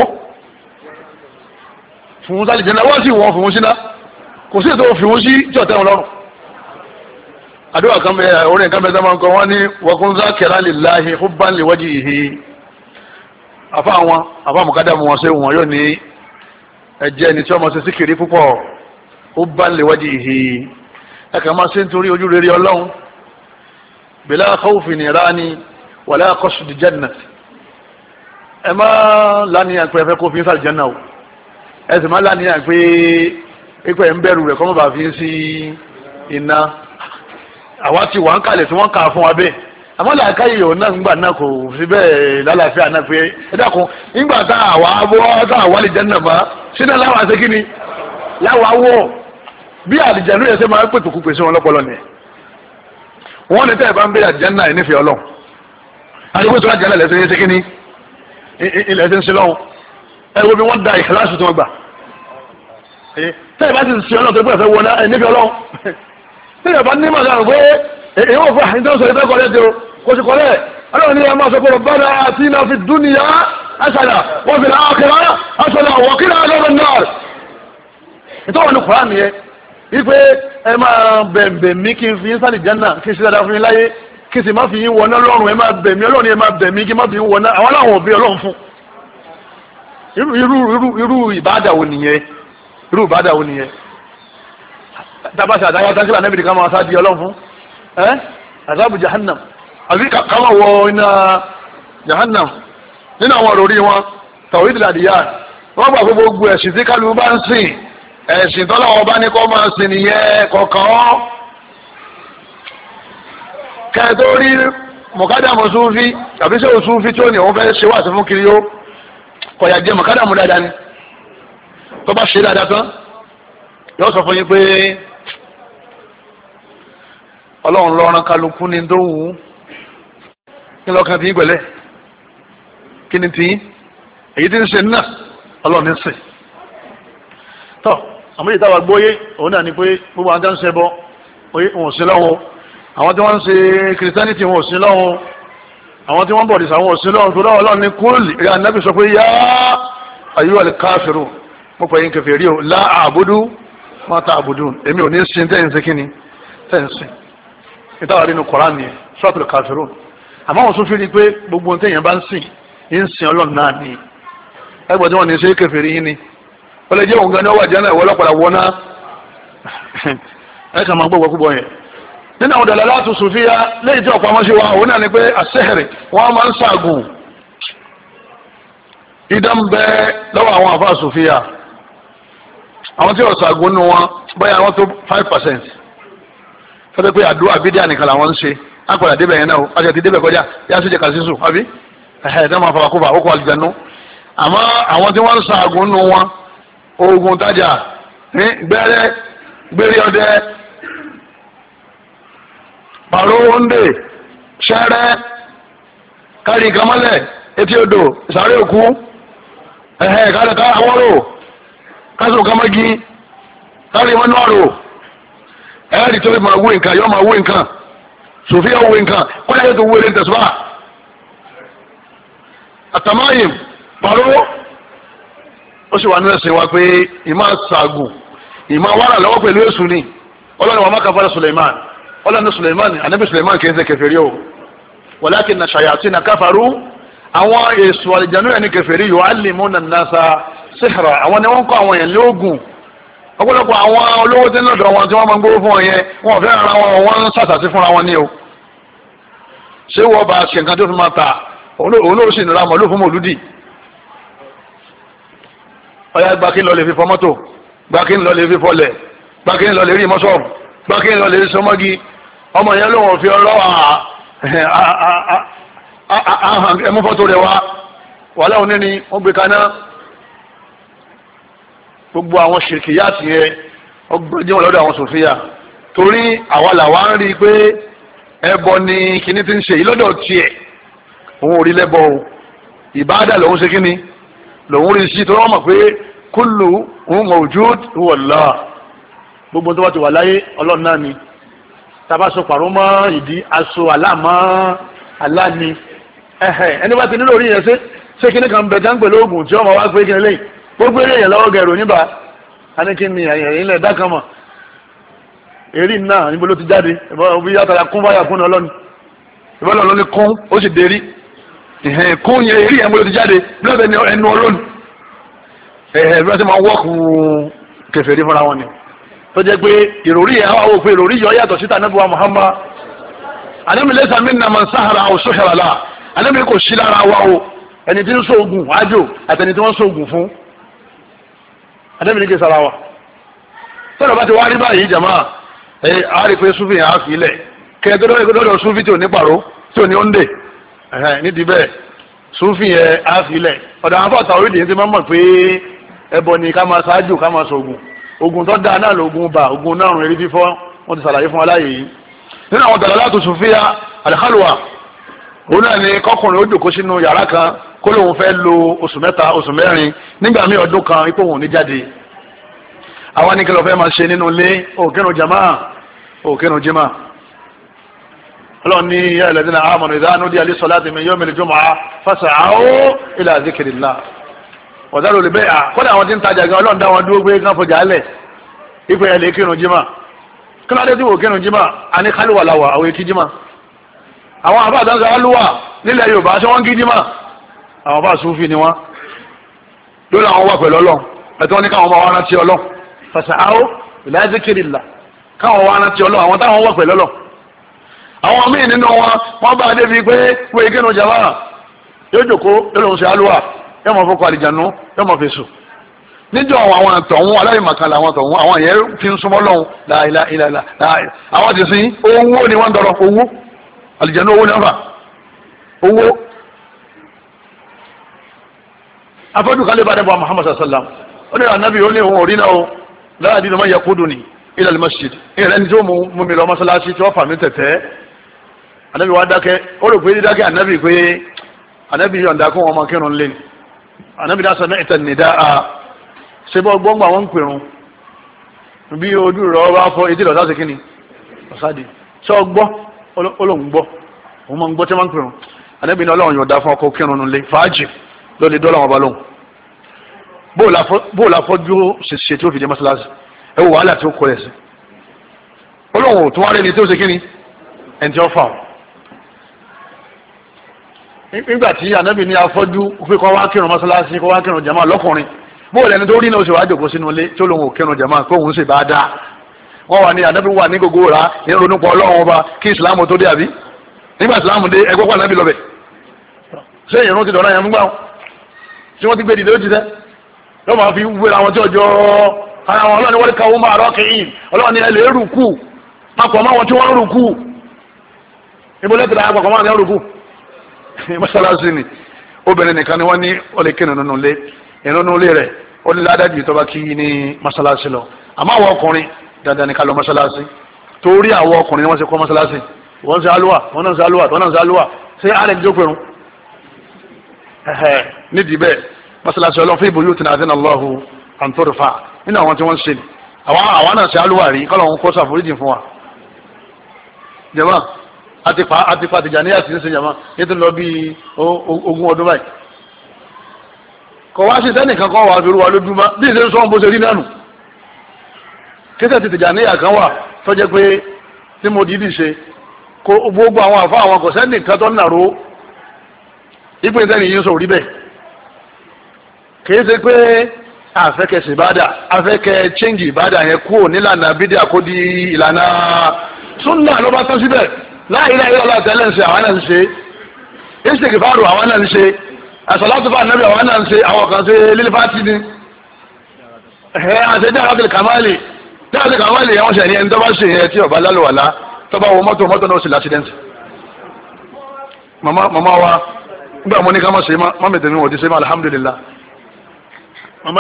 fún sálì jẹnà wọn sì wọn fún síná kò sí ètò òfin sí tí ọtẹ wọn lọ́rùn àdúrà kan bẹ orin kan bẹ sábà ń kọ wọn ní wọkúnzá kẹrà lè láàyè ó bá ń lè wájú ìhì àfa àwọn àfa mọ̀kádàmù wọn ṣe wọn yóò ní ẹ̀jẹ̀ ẹni tí wọ́n máa ṣe síkìrì púpọ̀ ó bá wájú ìhì ẹ̀ka máa ṣe nítorí ojú rere ọlọ́run bẹ̀lẹ́ àkọ́wùfin ìrání wàlẹ́ àkọ́sùdìjẹ́nà ẹ má lánìyàn pé ẹ fẹ́ kó fi ń sàlìjẹ́ náà o ẹ sì má lánìyàn pé pípẹ́ ń bẹ̀rù rẹ̀ kọ́mọ́ bá fi ń sí iná àwa ti wà ń kalẹ̀ tí wọ́n kà fún wa bẹ́ẹ̀ àmọ́ làákàyè ò náà ńgbà náà kò sí bẹ́ẹ̀ lálàáfíà náà pé ẹ dákun ńgbà tá àwa bọ́ tá àwa lè jẹ́ nàbà sínú láwa ṣe kí ni láwa wọ̀ bí àlìjẹ̀nu yẹn ṣe máa ń pètùkù pèsè wọn lọ́pọ̀lọ́ ni wọ́n ní tẹ́ ẹ bá ń bẹ̀rẹ̀ àlìjẹ́ náà ẹ̀ nífẹ̀ẹ́ ọlọ́run àdúgbò tó náà lẹ́sẹ̀ yẹn ṣe kí ni ilẹ̀ ẹ̀sìn sí lọ́hùn ẹ wo bí wọ́n da ìkàlásì tí wọ́n gbà tẹ́lẹ̀ bá ti sí ọlọ́run tó gbà fẹ́ wọlé ẹ̀ níbi ọlọ́run tẹ́lẹ̀ bá ní màdà pé èyí wọ́n fà ní tó sọ ìfẹ́ kọ́lẹ́ tó kò sì kọ́lẹ́ ọlọ́run ní ẹ̀ma sọ pé bàbá àti iná fi dúnìyà àṣàlà wọ́n fi láàkìlá àṣàlà wọ́kìlá lọ́rùn náà ìtọ́wọ́n ní kùrán nìyẹn wípé ẹ máa bẹ̀m̀bẹ̀ mí kí n fi ń sálì jẹ́nà kí n ṣe dáadáa fún mi láyé kí sì má fi yín wọná lọ́rùn ẹ má bẹ̀mí ọlọ́run ẹ má bẹ̀mí kí má fi yín wọná àwọn aláwọ̀ ọ̀bẹ ọlọ́run fún irú irú irú ìbáàdà wo nìyẹn irú ìbáàdà wo nìyẹn tabasa àdáyà dákìlà anábìrì ká máa sáájú ọlọ́run fún ẹ azabu jahannam àbí káwọn wọ iná jahannam nínú àwọn ọ̀rọ̀ orí wọn tàwí ìdìlàdìyà wọn gbà gbogbo ẹ̀sìn tí kálù bá ń sìn ẹ̀sìn tọ́lá kẹ́ẹ̀tọ́ rí mọ̀kádàmù súnfí tàbí sí òsúnfí tí ó ní òun fẹ́ ṣe wàásù fún kiri yó kọ̀yà jẹ́ mọ̀kádàmù dáadáa ni tó bá ṣe dáadáa tán yóò sọ fún yín pé ọlọ́run lọ́rán kálukú ni tó wù ú kí lọ́kàn tí ń pẹ̀lẹ́ kí ni tí èyí tí ń ṣe náà ọlọ́run ní sè tọ́ àmúyẹ̀ táwa gbóyé òun náà ni pé gbogbo àwọn tó ń ṣẹbọ òun ò sí lọ́wọ́ àwọn tí wọ́n ń ṣe kìrìsìtánìtì wọn ò sí lọ́hùn àwọn tí wọ́n ń bọ̀ dìsa wọn ò sí lọ́hùn tó lọ́wọ́ lọ́hùn ní kúlì ìyá anábì sọ pé yá ayúwà lè káfíìrù mo pè yín kẹfẹ́ rí o lá àbúdú má ta àbúdú èmi ò ní sin tẹ́yìn sí kíni tẹ́yìn sí ìtawà rí nu koran ni sọ́ọ̀tù káfíìrù àmọ́ wọn tún fi rí i pé gbogbo tẹ́yìn bá ń sìn ń sìn ọlọ́run náà ni ẹgbẹ́ tí wọ́n ní ṣe kẹfẹ́ rí yín ni ó lè jẹ́ òun gan ni ó wà jẹ́ náà ìwọ́lọ́pàá wọ́ná ẹ̀ kàn máa gbọ́ wọ́kúbọ̀ yẹn nínú àwọn dàlá láti sùfíà lẹ́yìn tí ọ̀pọ̀ ọmọṣẹ́ wa òun náà ni pé àṣẹ́hẹ̀rẹ̀ wọ́n máa ń ṣàgùn afọ bẹ lọ́wọ́ àwọn àfa sùfíà àwọn tí ọ̀ṣàgùn nù wọn báyà wọn tó five percent fẹ́ẹ́ pé àdúrà bídíà nìkan làwọn ń ṣe àpàdà débẹ̀ yẹn náà àti àti débẹ̀ kọjá yá sí jẹ àbí ẹ̀dá máa àmọ́ àwọn tí wọ́n ń ṣàgùn nù wọn oògùn gbẹ́rẹ́ gbẹ́rẹ́ ọdẹ pààrọ̀ nde, ń dè ṣẹ́rẹ́ kárí nǹkan Okwu, etí odò ìsàrè òkú ẹ̀hẹ́ kárí ká àwọ̀rò kásùn kan mọ́gi kárí mọ́ nọ́ọ̀rò ẹ̀ẹ́dì tó fi yọ máa wé nǹkan sòfin yóò wé nǹkan kọ́lá yóò tó wé lé tẹ̀síwá àtàmáyìm ó ni ọlọ́run wa má Suleiman ọlọ́ni suleiman anabi suleiman kì í ṣe kẹfẹ́rí o wàlákin na ṣayàtì na káfàrú àwọn èso àlìjánu ẹni kẹfẹ́rí yóò alimu na nasa sihra àwọn ni wọ́n kọ́ àwọn yẹn lóògùn ọ̀pọ̀lọpọ̀ àwọn olówó tí ń lọ́dọ̀ wọn tí wọ́n máa ń gbówó fún wọn yẹn wọn ò fẹ́ ara wọn wọn ń sàtàtì fúnra wọn ní o ṣé wọ́n bá ṣe nǹkan tó fi máa ta olóòrùn sì nira màlúù fún mòlúdì ọ̀yà gbàkín lọ lè fi fọ mọ́tò gbàkín lọ lè fi fọlẹ̀ gbàkín lọ lè rí mọ́ṣọ́ọ̀bù gbọ́kẹ́ lọ lè sọmọ́gi ọmọ yẹn ló wọ́n fi ọlọ́ ẹmọ́fọ́tò rẹ̀ wá wàhálà òní ni wọ́n gbé kaná gbogbo àwọn ṣèkìyà tiẹ̀ ọgbọ́njẹ́ wọn lọ́dọ̀ àwọn sòfíà torí àwa làwa ń rí i pé ẹbọ ni kíní ti ń ṣe yìí tiẹ̀ òun ò rí lẹ́bọ o ìbáàdà lòun ṣe kíni lòun rí sí torí wọ́n mọ̀ pé kúlù òun mọ̀ ojú wọ̀lá gbogbo tó bá ti wà láyé ọlọ́run náà ni tàbá sọ pàrọ̀ mọ́ ìdí aṣọ aláàmọ́ aláàní ẹ̀hẹ̀ ẹni bá ti nílò orí yẹn ṣe ṣé kíní kan bẹ̀ẹ́ dáńgbè lóògùn tí ọmọ wa pé kíní lẹ́yìn gbogbo eré yẹn lọ́wọ́ gẹ̀rọ níbà aníkíni ẹ̀yìn ilẹ̀ ẹ̀dá kan mọ̀ èrí náà níbo ló ti jáde ìbí yàtàrà kún báyà kún ọlọ́ni ìbá lọ́ọ́ lọ́ni kún ó sì dérí rí tó jẹ́ pé ìròrí yẹn àwọn òfin ìròrí yọ yàtọ̀ síta níbi Muhammad àdébí lẹ́sà mí nà máa ń sáhara àwọn sóhara la àdébí kò sí lára wa o ẹni tí ń sóògùn àjò àtẹni tí wọ́n sóògùn fún àdébí ní kí sara wa tọ́lọ̀ bá ti wá rí báyìí jàmá ẹ àárí pé sufi yẹn á fi lẹ̀ kẹ́ ẹ gbọ́dọ̀ sufi tí ò ní pàrọ̀ tí ò ní òǹdè nídìí bẹ́ẹ̀ sufi yẹn á fi lẹ̀ ọ̀dọ̀ àwọn afọ àtàwọn orílẹ̀ yẹn ti máa ń mọ̀ pé ẹbọ ni ká máa ṣáájú ká máa sóògùn ogun tó dáa náà lóògùn bá ogun náà rún eré fífọ́ wọ́n ti sàlàyé fún aláyè yìí nínú àwọn tàlà látò sùfíà àlìkálùwà òun náà ni kọkùnrin ó jòkó sínú yàrá kan kó lóun fẹ́ lo oṣù mẹ́ta oṣù mẹ́rin nígbà míì ọdún kan ipò òun ní jáde àwa ní kí ló fẹ́ máa ṣe nínú ilé òkèrún jama òkèrún jimá ọlọ́run ìyá ìlẹ́dínlá àmọ̀nà ìdánù díẹ̀ alẹ́ sọ láti mi yọ́ mi lè jọ́ máa fásà áwọ̀ ila zikrillah ọ̀dà ló lè bẹ́ẹ̀ à ah, kọ́dà àwọn tí ń tajà gan ọlọ́run dá wọn dúró pé kán fọjà lẹ̀ ipò ẹ̀ lè kírun jimá kílódé tí wò kírun jimá àní kálíwà làwà àwọn èkí jimá àwọn àbá àtàwọn sáà nílẹ̀ yorùbá ṣé wọ́n ń jimá àwọn bá sùn fi ni wọ́n lórí àwọn wà pẹ̀lú ọlọ́run ẹ̀tọ́ wọn ní káwọn máa wá rántí ọlọ́run fàṣà áó ìlà zikirillah káwọn wá rántí ọlọ́run àwọn táwọn wà pẹ̀lú ọlọ́run àwọn míì yóò mọ fọkọ àlìjánu yóò mọ fèsù níjọ àwọn àtọ̀hún aláìmọ̀kan làwọn àtọ̀hún àwọn yẹn fi ń súnmọ́ lọ́hún láìlá ìlàlá àwọn ti sìn owó ni wọ́n ń dọ̀rọ̀ owó àlìjánu owó ni wọ́n fà owó. afọ́jú kan lè bá dẹ́gbà Muhammad sallam ó ní ànábì ó ní òun òrí náà o láàdínú máa yẹ kúdù ní ilẹ̀ masjid ìrẹ́ ní tí ó mú mi lọ mọ́sálásí tí wọ́n fà mí tẹ̀tẹ́ ànábì wá dákẹ́ ó rò pé dídákẹ́ ànábì pé ànábì yọ̀ǹda kún ọmọ kírun lé ni anabi dasa náà ìtàn nìdá a ṣe bọ́ gbọ́ngbà wọn ń pèrún bí ojú rẹ̀ ọba fọ etí lọ́sà sí kíni ọ̀sáàdì ṣé ọ gbọ́ olóhùn gbọ́ òun máa ń gbọ́ tí wọ́n ń pèrún anabi ní ọlọ́run yóò dá fún ọkọ̀ kírun nulẹ̀ fàájì lórí dọ́là ọba lóhùn bóòlù afọ́jú ṣe tí ó fi jẹ mọ́ṣáláṣí ẹ wò wàhálà tí ó kọ ẹ̀ sí olóhùn tó wá rẹ̀ ni tí ó ṣe kíni ẹ̀ ń tí ó fà ọ́ nígbà tí anabi ní afọ́jú pé kọ́ wá kírun mọ́sálásí kọ́ wá kírun jama lọ́kùnrin bó lẹni tó rí náà ṣe wá jòkó sínú ilé tí olóhùn kírun jama pé òun ṣe bá dáa wọ́n wà ní anabi wà ní gbogbo ra ní ronúpọ̀ ọlọ́run ọba kí ìsìlámù tó dé àbí nígbà ìsìlámù dé ẹgbẹ́ pàdé anabi lọ́bẹ̀ ṣé ìrún ti dọ̀nà yẹn fún gbàù tí wọ́n ti gbé dìde ó ti tẹ́ yóò máa fi wéra wọn tí ọjọ́ ara wọn ọlọ́ni wọ́n ká wọn máa rọ́ọ̀kì in ọlọ́run ni ẹ lè rù kù papọ̀ mọ́ wọn tí wọ́n rù kù ibo lẹ́tìrì àpapọ̀ mọ́ wọn rù kù mọ́sálásí ni obìnrin nìkan ni wọ́n ní ọlẹ́ kí nínú ilé nínú ilé rẹ̀ ó ní ládàjì tó bá kí ní mọ́sálásí lọ àmọ́ àwọn ọkùnrin dandan ni ká lọ mọ́sálásí torí àwọn ọkùnrin ni wọ́n ṣe kọ́ mọ́sálásí wọ́n ṣe alúwà wọ́n náà ṣe alúwà wọ́n náà ṣe alúwà ṣé alẹ́ ní jókòó nídìí bẹ́ẹ̀ mọ́sálásí ọlọ́run fún tí nàdínà lọ́hù àǹtọ́rọ̀fà nínú àwọn tí wọ́n ṣe àwọn àwọn náà ṣe alúwà rí kọ́lọ̀ ń kó ṣàforíjì fún wa jẹ́wọ́n àtìpá àtìpá àtìjàní ṣe jàmá ètò lọ bí ogún ọdún báyìí kò wá sí sẹ́nìkan si wà fìrúwà lójú má bí ìṣe ń bó ṣe rí nánu kíkẹ́ ti tìjàní àkàn wà tó jẹ́ pé tí mo dìídì ṣe kó gbogbo àwọn àfa àwọn kò sẹ́nìkan tó nàró ìpín sẹ́ni yìí sọ rí bẹ́ẹ̀ kìí ṣe pé láàyè láàyè ọlọ́ọ̀tẹ́ lẹ́ ń ṣe àwọn náà ń ṣe ìṣèkìfàrò àwọn náà ń ṣe àṣàlátùfà nàbì àwọn náà ń ṣe àwọn kan ṣe lílífàtì ni ẹ̀hẹ́ àṣẹ dáhàtì kàmáàlì dáhàtì kàmáàlì àwọn ṣẹ̀yìn ẹni tó bá ṣe yẹn tí ọ̀bá lálùwàlá tó bá wọ mọ́tò mọ́tò náà ṣe lásìdẹ́ǹtì mama mama wa nígbà mo ní ká má ṣe má má mi tèmi wò ti ṣe má alhamdulillah mama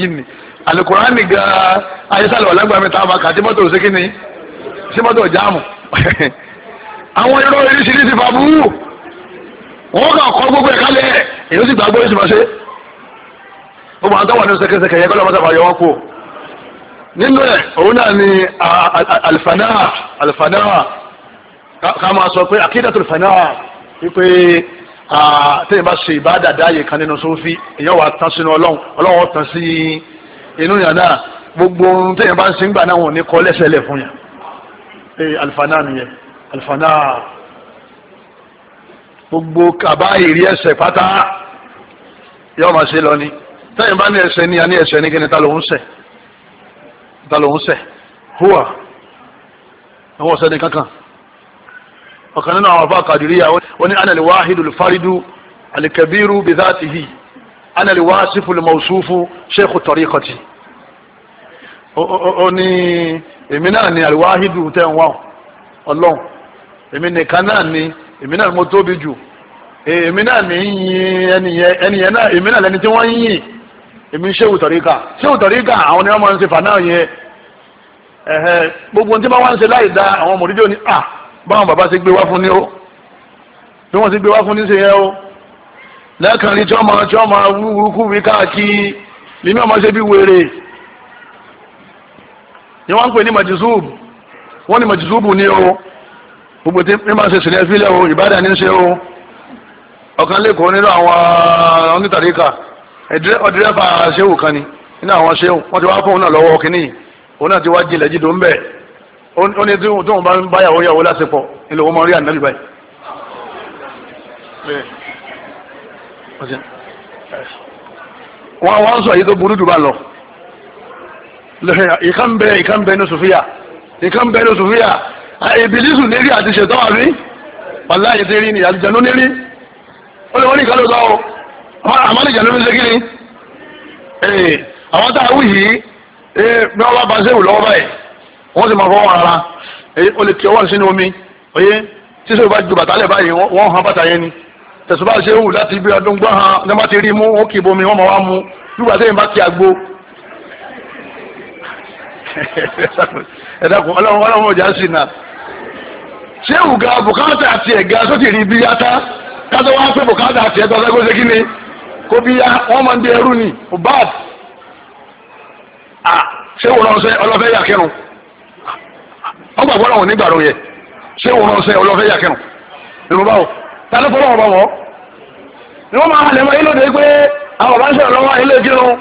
ní alukurani gan ayéṣàlù ọ̀làgbàmí tá a máa kà tí mọ́tò ṣe kíni sí mọ́tò jáàmù àwọn irọ́ oríṣiríṣi fa burú wọ́n kà kọ́ gbogbo ẹ̀ kálẹ̀ èyí ó sì gbàgbọ́ oṣù máa ṣe gbogbo àwọn tó wà yẹ kọ́ lọ́mọ́sá fà yọ kú nínú ẹ̀ òun náà ni alifanaha alifanaha ká máa sọ pé akídàtò alifanaha wípé tẹ́yìn bá ṣe ìbáàdà dáàyè kan nínú sófin èèyàn wà tán sínú ọlọ́run ọlọ́run tán sí i inú yàn náà gbogbo ohun téèyàn bá ń sin gbà náà wọn ò ní kọ́ lẹ́sẹ̀lẹ̀ fún yàn ee alifana nìyẹn alifana gbogbo kaba ìrí ẹsẹ̀ pátá yọọ ma ṣe lọ ni téèyàn bá ní ẹsẹ̀ ní àní ẹsẹ̀ ní kíni ta ló ń ṣẹ̀ ta ló ń ṣẹ̀ hùwà àwọn ọ̀sẹ̀ ní kankan ọ̀kan nínú àwọn afa kàdìríyà ó ní anàlẹ́ wàhídùl fáridù alikabiru bidhatihi anali wasifu mausufu sheikhu tariqati ó ní èmi náà ni aliwahidu tẹ́ ń wá ọlọ́run èmi nìkan náà ni èmi náà mo tóbi jù èmi náà ní yin ẹnìyẹn náà èmi náà lẹni tí wọ́n ń yìn èmi sheikhu tariqa sheikhu tariqa àwọn ni wọ́n máa ń ṣe fànáà yẹn ẹ̀hẹ́ gbogbo tí wọ́n wá ń ṣe láì da àwọn mòdíjọ́ ni à báwọn bàbá ṣe gbé wá fún ni ó bí wọ́n ṣe gbé wá fún ni ṣe yẹ ó lẹ́ẹ̀kan ní tí wọ́n máa tí wọ́n máa wúrúkú wí káàkiri lèmi ọmọ ṣe bí wèrè ni wọ́n ń pè ní majisubu wọ́n ní majisubu ní o gbogbo tí ní ṣe sílẹ̀ fílẹ̀ o ìbádà ní ṣe o ọ̀kan lẹ́kọ̀ọ́ nínú àwọn onítàríkà ọ̀dírẹ́fà ṣéwù kan ni nínú àwọn ṣéwù wọ́n ti wá fóun náà lọ́wọ́ kínní òun náà ti wá jilẹ̀ jìdó ń bẹ̀ ó ní tí òun bá ń báyàwó yàwó lásìkò ilé òun máa rí ànábì wọ́n wọ́n sọ yìí tó burú jù bá lọ ìkan bẹ ìkan bẹ ní sùfíà ìkan bẹ ní sùfíà ìbílísù lérí àti ṣètò àrí wàlá ìdérí ni àlùjànnú lérí ó lè wọ́n ní ìkàlù sọ́ọ́ àmọ́ àlùjànnú ní sékìrì àwọn tá a wù yìí bí wọ́n bá ba séwù lọ́wọ́ báyìí wọ́n sì máa fọwọ́ ara ó lè kí ọwọ́ sínú omi òye tí sèwù bá ju bàtà lẹ̀ báyìí wọ́n hàn bàtà yẹn ni tẹ̀sùbá ṣe wù láti ibi ọdún gbọ́n hàn ní wọ́n ti rí mú ó kì í bomi wọ́n mọ̀ wá mu nígbà tẹ́yìn bá ti àgbo. ẹ dákun ọlọ́run ọlọ́run ọjà sì nà. ṣé ìwùgà bùkátà àti ẹ̀gá sóti rí bí yàtá kátó wá pé bùkátà àti ẹ̀tọ́ ọ̀sẹ̀ kó ṣe kí ni kó bí yá wọ́n máa ń di ẹrú ni bad. ṣé wọ́n ránṣẹ́ ọlọ́fẹ́ yà kẹrùn ọgbà gbọ́dọ̀ wọn nígbà tani fọlọ́ ọ̀bọ̀ wọ́ ni wọ́n máa halẹ̀ mọ́ ilé òde pé àwọn ọ̀bá ń sọ̀rọ̀ lọ́wọ́ ilé ìkírun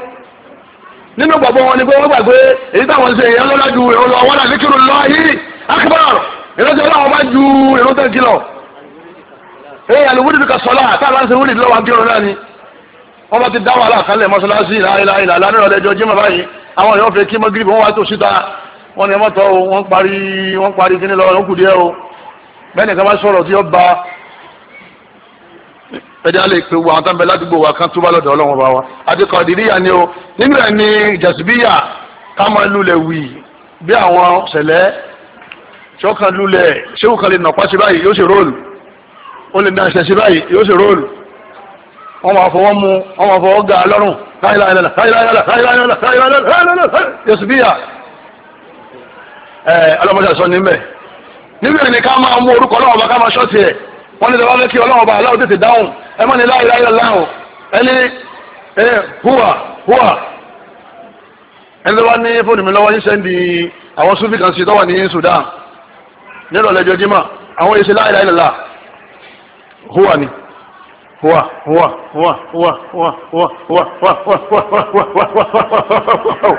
nínú gbàgbọ́ wọn ni pé wọ́n gbàgbé èyí táwọn ṣe èèyàn lọ́la ju èrò lọ wọ́n làbí kírun lọ yìí akbar ìrọ̀jọ́ ọlọ́wọ́ bá ju èrò tó kí lọ. ee àlùwúdì bí ka sọlá táwọn ń ṣe wúdì lọ́wọ́ akírun náà ni wọ́n bá ti dá wàhálà kalẹ̀ mọ́ṣáláṣí ìlàláìlà lánàá ọ̀dẹ́jọ́ jímọ̀ báyìí ẹ̀dá lè pe wo àwọn tánbẹ̀ ládùúgbò wa kan túbọ̀ lọ́dọ̀ ọlọ́run bá wa àti kọ̀dìríyà ni o nínú ẹ̀ ní ìjàsíbíyà ká máa lulẹ̀ wì bí àwọn ṣẹlẹ̀ tí ó kan lulẹ̀ ṣéwù kan lè nàpá sí báyìí yóò ṣe róòlù ó lè dá ìṣẹ̀ṣẹ̀ báyìí yóò ṣe róòlù wọ́n máa fọwọ́ mu wọ́n máa fọwọ́ ga lọ́rùn ìjàsíbíyà ọlọ́mọdé sọ níbẹ̀ níbẹ̀ ni ká máa mú orúkọ ọlọ́run bá ká máa ṣọ́ọ̀tì ẹ̀ wọ́n ní ẹ mọ̀ ní láìláì lọ́láhùn ẹni húwà húwà ẹni tó wá ní fóònù mi lọ́wọ́ yín sẹ́ndì àwọn sufi kan sí tó wà ní Sudan nírọ̀lẹ́ jọjímọ̀ àwọn èsì láìláì lọ́lá húwà ni húwà húwà húwà húwà húwà húwà húwà húwà húwà húwà húwà húwà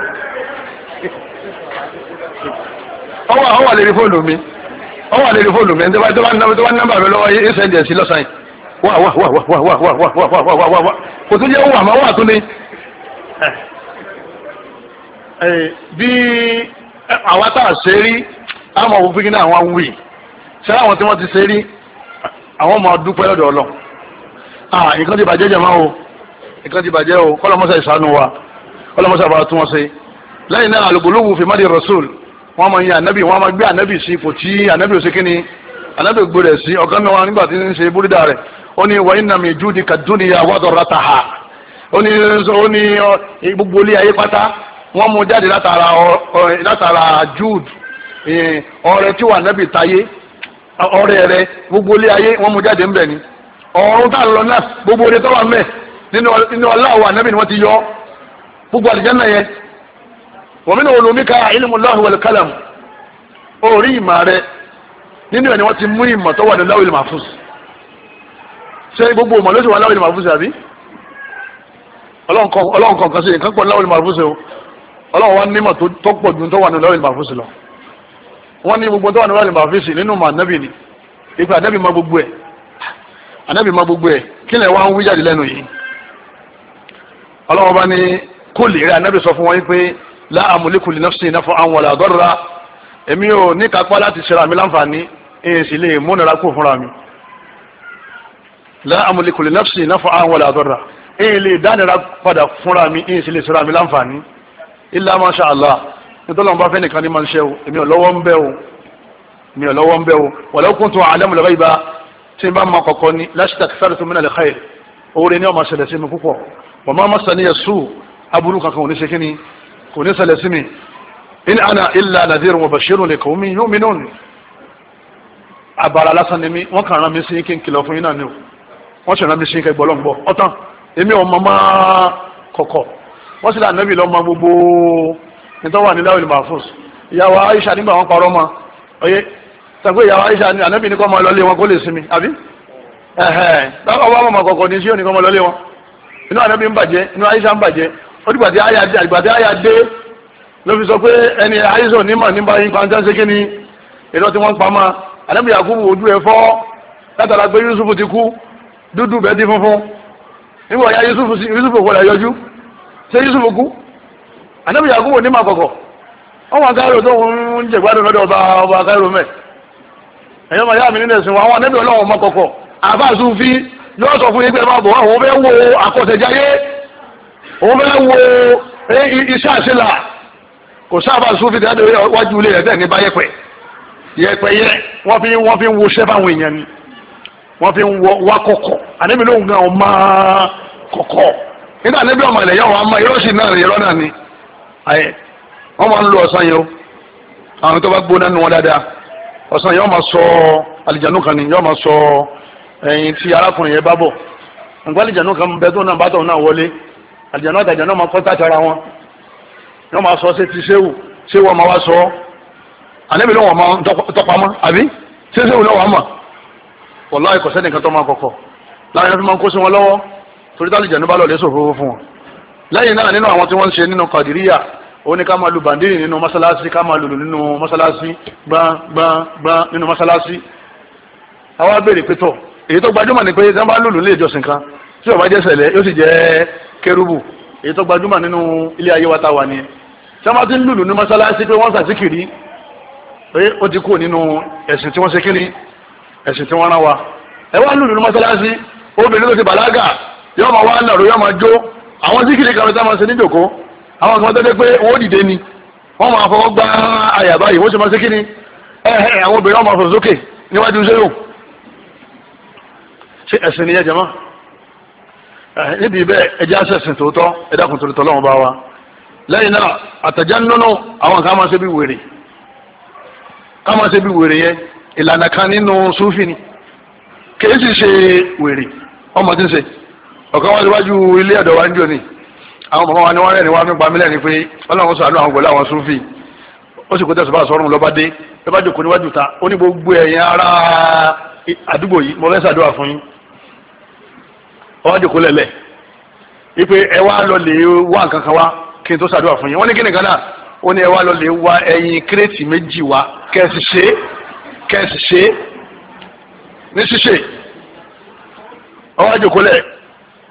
ọwọ́ àwọn àlèrè fóònù mi ọwọ́ àlèrè fóònù mi ẹni tó bá ní nọ́mbà mi lọ́wọ́ yín sẹ́ndì ẹ̀ sí lọ́sàn-án wà wà wà wà wà wà wà wà wà wà wà wà wà kò tó jẹ́ wà máa wà tó ní. bí àwa tá a ṣe rí àmọ̀ òfin kí ní àwọn wì ṣé àwọn tí wọ́n ti ṣe rí àwọn máa dúpẹ́ lọ́dọ̀ ọlọ́ nǹkan ti bàjẹ́ jẹ̀mọ́ o nǹkan ti bàjẹ́ o kọ́lọ́mọ́sá ìsánú wa kọ́lọ́mọ́sá bá tún wọn ṣe lẹ́yìn náà àlùgbòlówù fi mádìí rasul wọ́n máa ń yan anabi wọ́n máa gbé anabi sí ipò tí anabi ò ṣe kí ni anabi ò gbé rẹ̀ sí ọ̀gá mi wọn nígbà tí ń ṣe búrídà rẹ̀ Oni ní wà iná mi jù ní kàdúnìyà wàdọ̀ rata ha ó ní ó ní gbogbo ilé ayé pátá wọ́n mú jáde látara látara jude ọrẹ tí wà nẹ́bì táyé ọrẹ rẹ gbogbo ilé ayé wọ́n mú jáde ńbẹ ni ọ̀run tá a lọ náà gbogbo ilé tó wà ńbẹ nínú ọláwà nẹ́bì ni wọ́n ti yọ gbogbo àlìjẹ́nà yẹn wọ́n mi ní olùmíkà ilmu Allahi wal kalam orí ìmọ̀ rẹ nínú ni wọ́n ti mú ìmọ̀ tó wà ní láwìlì mahfuz ṣé gbogbo ọmọ lóṣù wa láwọn ìlú màfúsẹ àbí ọlọ́run kọ̀ọ̀kan sí nǹkan pọ̀ láwọn ìlú màfúsẹ o ọlọ́run wa ní mọ̀ tó pọ̀ ju tó wà ní láwọn ìlú màfúsẹ lọ wọ́n ní gbogbo tó wà ní láwọn ìlú màfúsẹ nínú mà nẹ́bì ni ipa ànẹ́bì mọ gbogbo ẹ̀ ànẹ́bì mọ gbogbo ẹ̀ kí lẹ̀ wá ń wí jáde lẹ́nu yìí ọlọ́run bá ní kó lè rí ànẹ́bì sọ fún wọn pé láàmúlékù lè nọ́ọ̀sì iná àwọn ọ̀là àgọ́rọ̀ra èmi ò ní la amliku li nafsi naf'an wala darra èyí lè dánira padà fúnra mi èyí sì lè sọ́ra mi láǹfààní illa ma sha Allah nítorí wọn bá fẹ́ nìkan ní máa ń ṣe o èmi ò lọ́wọ́ ń bẹ́ o èmi ò lọ́wọ́ ń bẹ́ o walau kuntu a'lamul ghaiba tí n bá ma kọ̀kọ́ ni lastakthartu minal khair oore ní ọmọ ṣẹlẹ̀ sí mi púpọ̀ wa ma massaniya su aburú kankan ò ní ṣe kíni kò ní ṣẹlẹ̀ sí in ana illa nadhirun wa li qaumin yu'minun àbàrà lásán ni mi wọ́n kàn rán mi sí kí n kìlọ̀ fún ni o wọ́n sì rán mi sí kẹ́ gbọ́ lọ́ngbọ́ ọ̀tán èmi ò mọ̀ máa kọ̀kọ̀ wọ́n sì lànà bí lọ́mọ gbogbo nítorí wà ní láwùlì mahfuz ìyàwó Aisha nígbà wọn parọ́ mọ́ oyè sàgbé ìyàwó Aisha ní ànábì ní kọ́ máa lọ́lé wọn kó lè sinmi àbí báwo wà Aisha ń bàjẹ́ ó dìgbà tí àyà dé àgbà tí àyà Aisha onímọ̀ nípa yín pàǹtá ṣe kíni èrò tí wọ́n pa máa ànábì Yakubu ojú ẹ̀ fọ́ látara pé dúdú bẹ́ẹ̀ di funfun nígbà ya yusufu sí yusufu kò lè yọjú ṣé yusufu kú anabi yakubu ní màkọkọ ọmọ akáyọrọ tó ń jẹgbádùn lọ́dọ̀ ọba ọba akáyọrọ mẹ ẹyọ màá yá mi nínú ẹsìn wọn àwọn anabi Ọlọ́run mọkọkọ àbá sufi yóò sọ fún yín pé ẹ máa bọ̀ àwọn fẹ́ wo àkọsẹ̀jáyé òun fẹ́ wo iṣẹ́ àṣìlá kò sábà sufi tí a wájú ilé ẹ̀dẹ́ ní báyẹ̀pẹ̀ yẹ̀pẹ̀ yẹ wọ́n fi ń wo sẹ́fà àwọn àníbi lóhùn gan ọmọ kọ̀kọ́ nígbà níbi ọmọ ilẹ̀ yẹn wọn a máa irọ́ sí náà irọ́ náà ni wọ́n máa ń lo ọ̀sán yẹn o àwọn tó bá gbóná nu wọn dáadáa ọ̀sán yẹn wọ́n máa sọ àlìjánu kan ni yọ́n máa sọ ẹ̀yìn tí arákùnrin yẹn bá bọ̀ nǹkan àlìjánu kan bẹ tó náà bá tọ̀ náà wọlé àlìjánu àtàjà náà máa kọ́tà tara wọn yọ́n máa sọ ṣé ti ṣéwù ṣéwù ọmọ wa sọ àníbi lóhùn ọmọ tọpamọ́ àbí ṣé ṣéwù lọ́wọ́ àmọ́ wọ́n láì kọ̀ láwọn yẹn fi máa ń kó sí wọn lọ́wọ́ torí táàlì jẹ̀ níbàlọ̀ lẹ́sọ̀ fún wọn. lẹ́yìn náà nínú àwọn tí wọ́n ń ṣe nínú kàdíríyà ó ní ká máa lu bàndírì nínú mọ́sálásí ká máa lùlù nínú mọ́sálásí gbọ́n gbọ́n gbọ́n nínú mọ́sálásí. àwa béèrè pé tọ̀ èyí tó gbajúmọ̀ ni pé tí wọ́n bá lùlù nílé ìjọsìn kan tí ó bá jẹ́ sẹ̀lẹ̀ yóò sì jẹ́ kérúbù èyí tó gbajúmọ̀ nínú ilé ayé wa ta wà ni tí wọ́n bá ti ń lùlù ní mọ́sálásí pé wọ́n sàtíkìrí pé ó ti kú nínú ẹ̀sìn tí wọ́n ṣe kíni ẹ̀sìn tí wọ́n rán wa ẹ wá lùlù ní mọ́sálásí obìnrin tó ti bàlágà yóò máa wá nàró yóò máa jó àwọn síkìrì kan tó máa ṣe níjòkó àwọn kan tó dé pé owó dìde ni wọ́n máa fọwọ́ gbá àyà báyìí wọ́n sì máa ṣe kí ni ẹ̀ẹ́ àwọn obìnrin wọn máa fọ̀rọ̀ sókè níwájú sẹ́yìn ṣe ẹ̀sìn nìyẹn jẹ́mọ́ níbi bẹ́ẹ̀ ẹjẹ́ àṣẹ̀sìn tòótọ́ ẹ̀dá kùn tòótọ́ lọ́wọ́ bá wa lẹ́yìn náà àtẹ̀jẹ́ nínú àwọn kan máa ṣe bí wèrè kan máa ṣe bí wèrè yẹn ìlànà kan nínú súfì ni kèé sì ṣe wèrè ọmọ tí ń ṣe ọ̀kan wọn síwájú ilé ẹ̀dọ̀ wa ń jò ní àwọn màmá wa ni wọ́n rẹ̀ ní wọ́n fi gba mílẹ̀ ní pé ọlọ́run sàánú àwọn pẹ̀lú àwọn súnfì ó sì kó tẹ̀sán bá sọ́run lọ́ba dé lọ́ba jòkó níwájú ta ó ní gbogbo ẹ̀yin ará àdúgbò yìí mo fẹ́ ṣàdúrà fún yín ọba jòkó lẹ̀lẹ̀ ipe ẹ wá lọ lè wá nǹkan kan wá kí n tó ṣàdúrà fún yín wọ́n ní kí nìkan náà ó ní ẹ wá lọ lè wá ẹyin kírètì méjì wá kẹ́sì ṣe kẹ́sì ṣe ní ṣíṣe ọwọ́ àjòkólẹ̀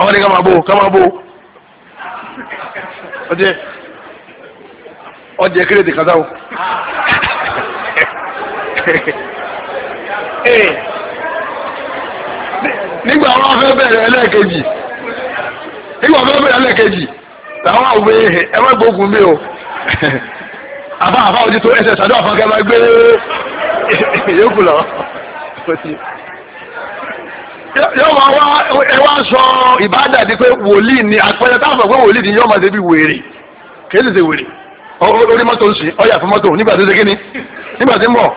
ọwọ́ ni ká máa bó ká máa bó ọjẹ́ ọjẹ́ kírètì kàtà o eh, nígbà wọn fẹ́ bẹ̀rẹ̀ ẹlẹ́ẹ̀kejì nígbà wọn fẹ́ bẹ̀rẹ̀ ẹlẹ́ẹ̀kejì làwọn àwòbẹ ẹ má gbógun mi o àbá àbá ojú tó ẹsẹ̀ sàdó àfọ̀nkẹ́ máa gbé yókù lọ yóò wá wá ẹ wá sọ ìbádà di pé wòlíì ni àpẹẹrẹ táwọn sọ pé wòlíì ni yóò máa ṣe bí wèrè kì í ṣe ṣe wèrè orí mọ́tò ń sìn ọyà fún mọ́tò nígbà tó ṣe kíni nígbà tí ń bọ̀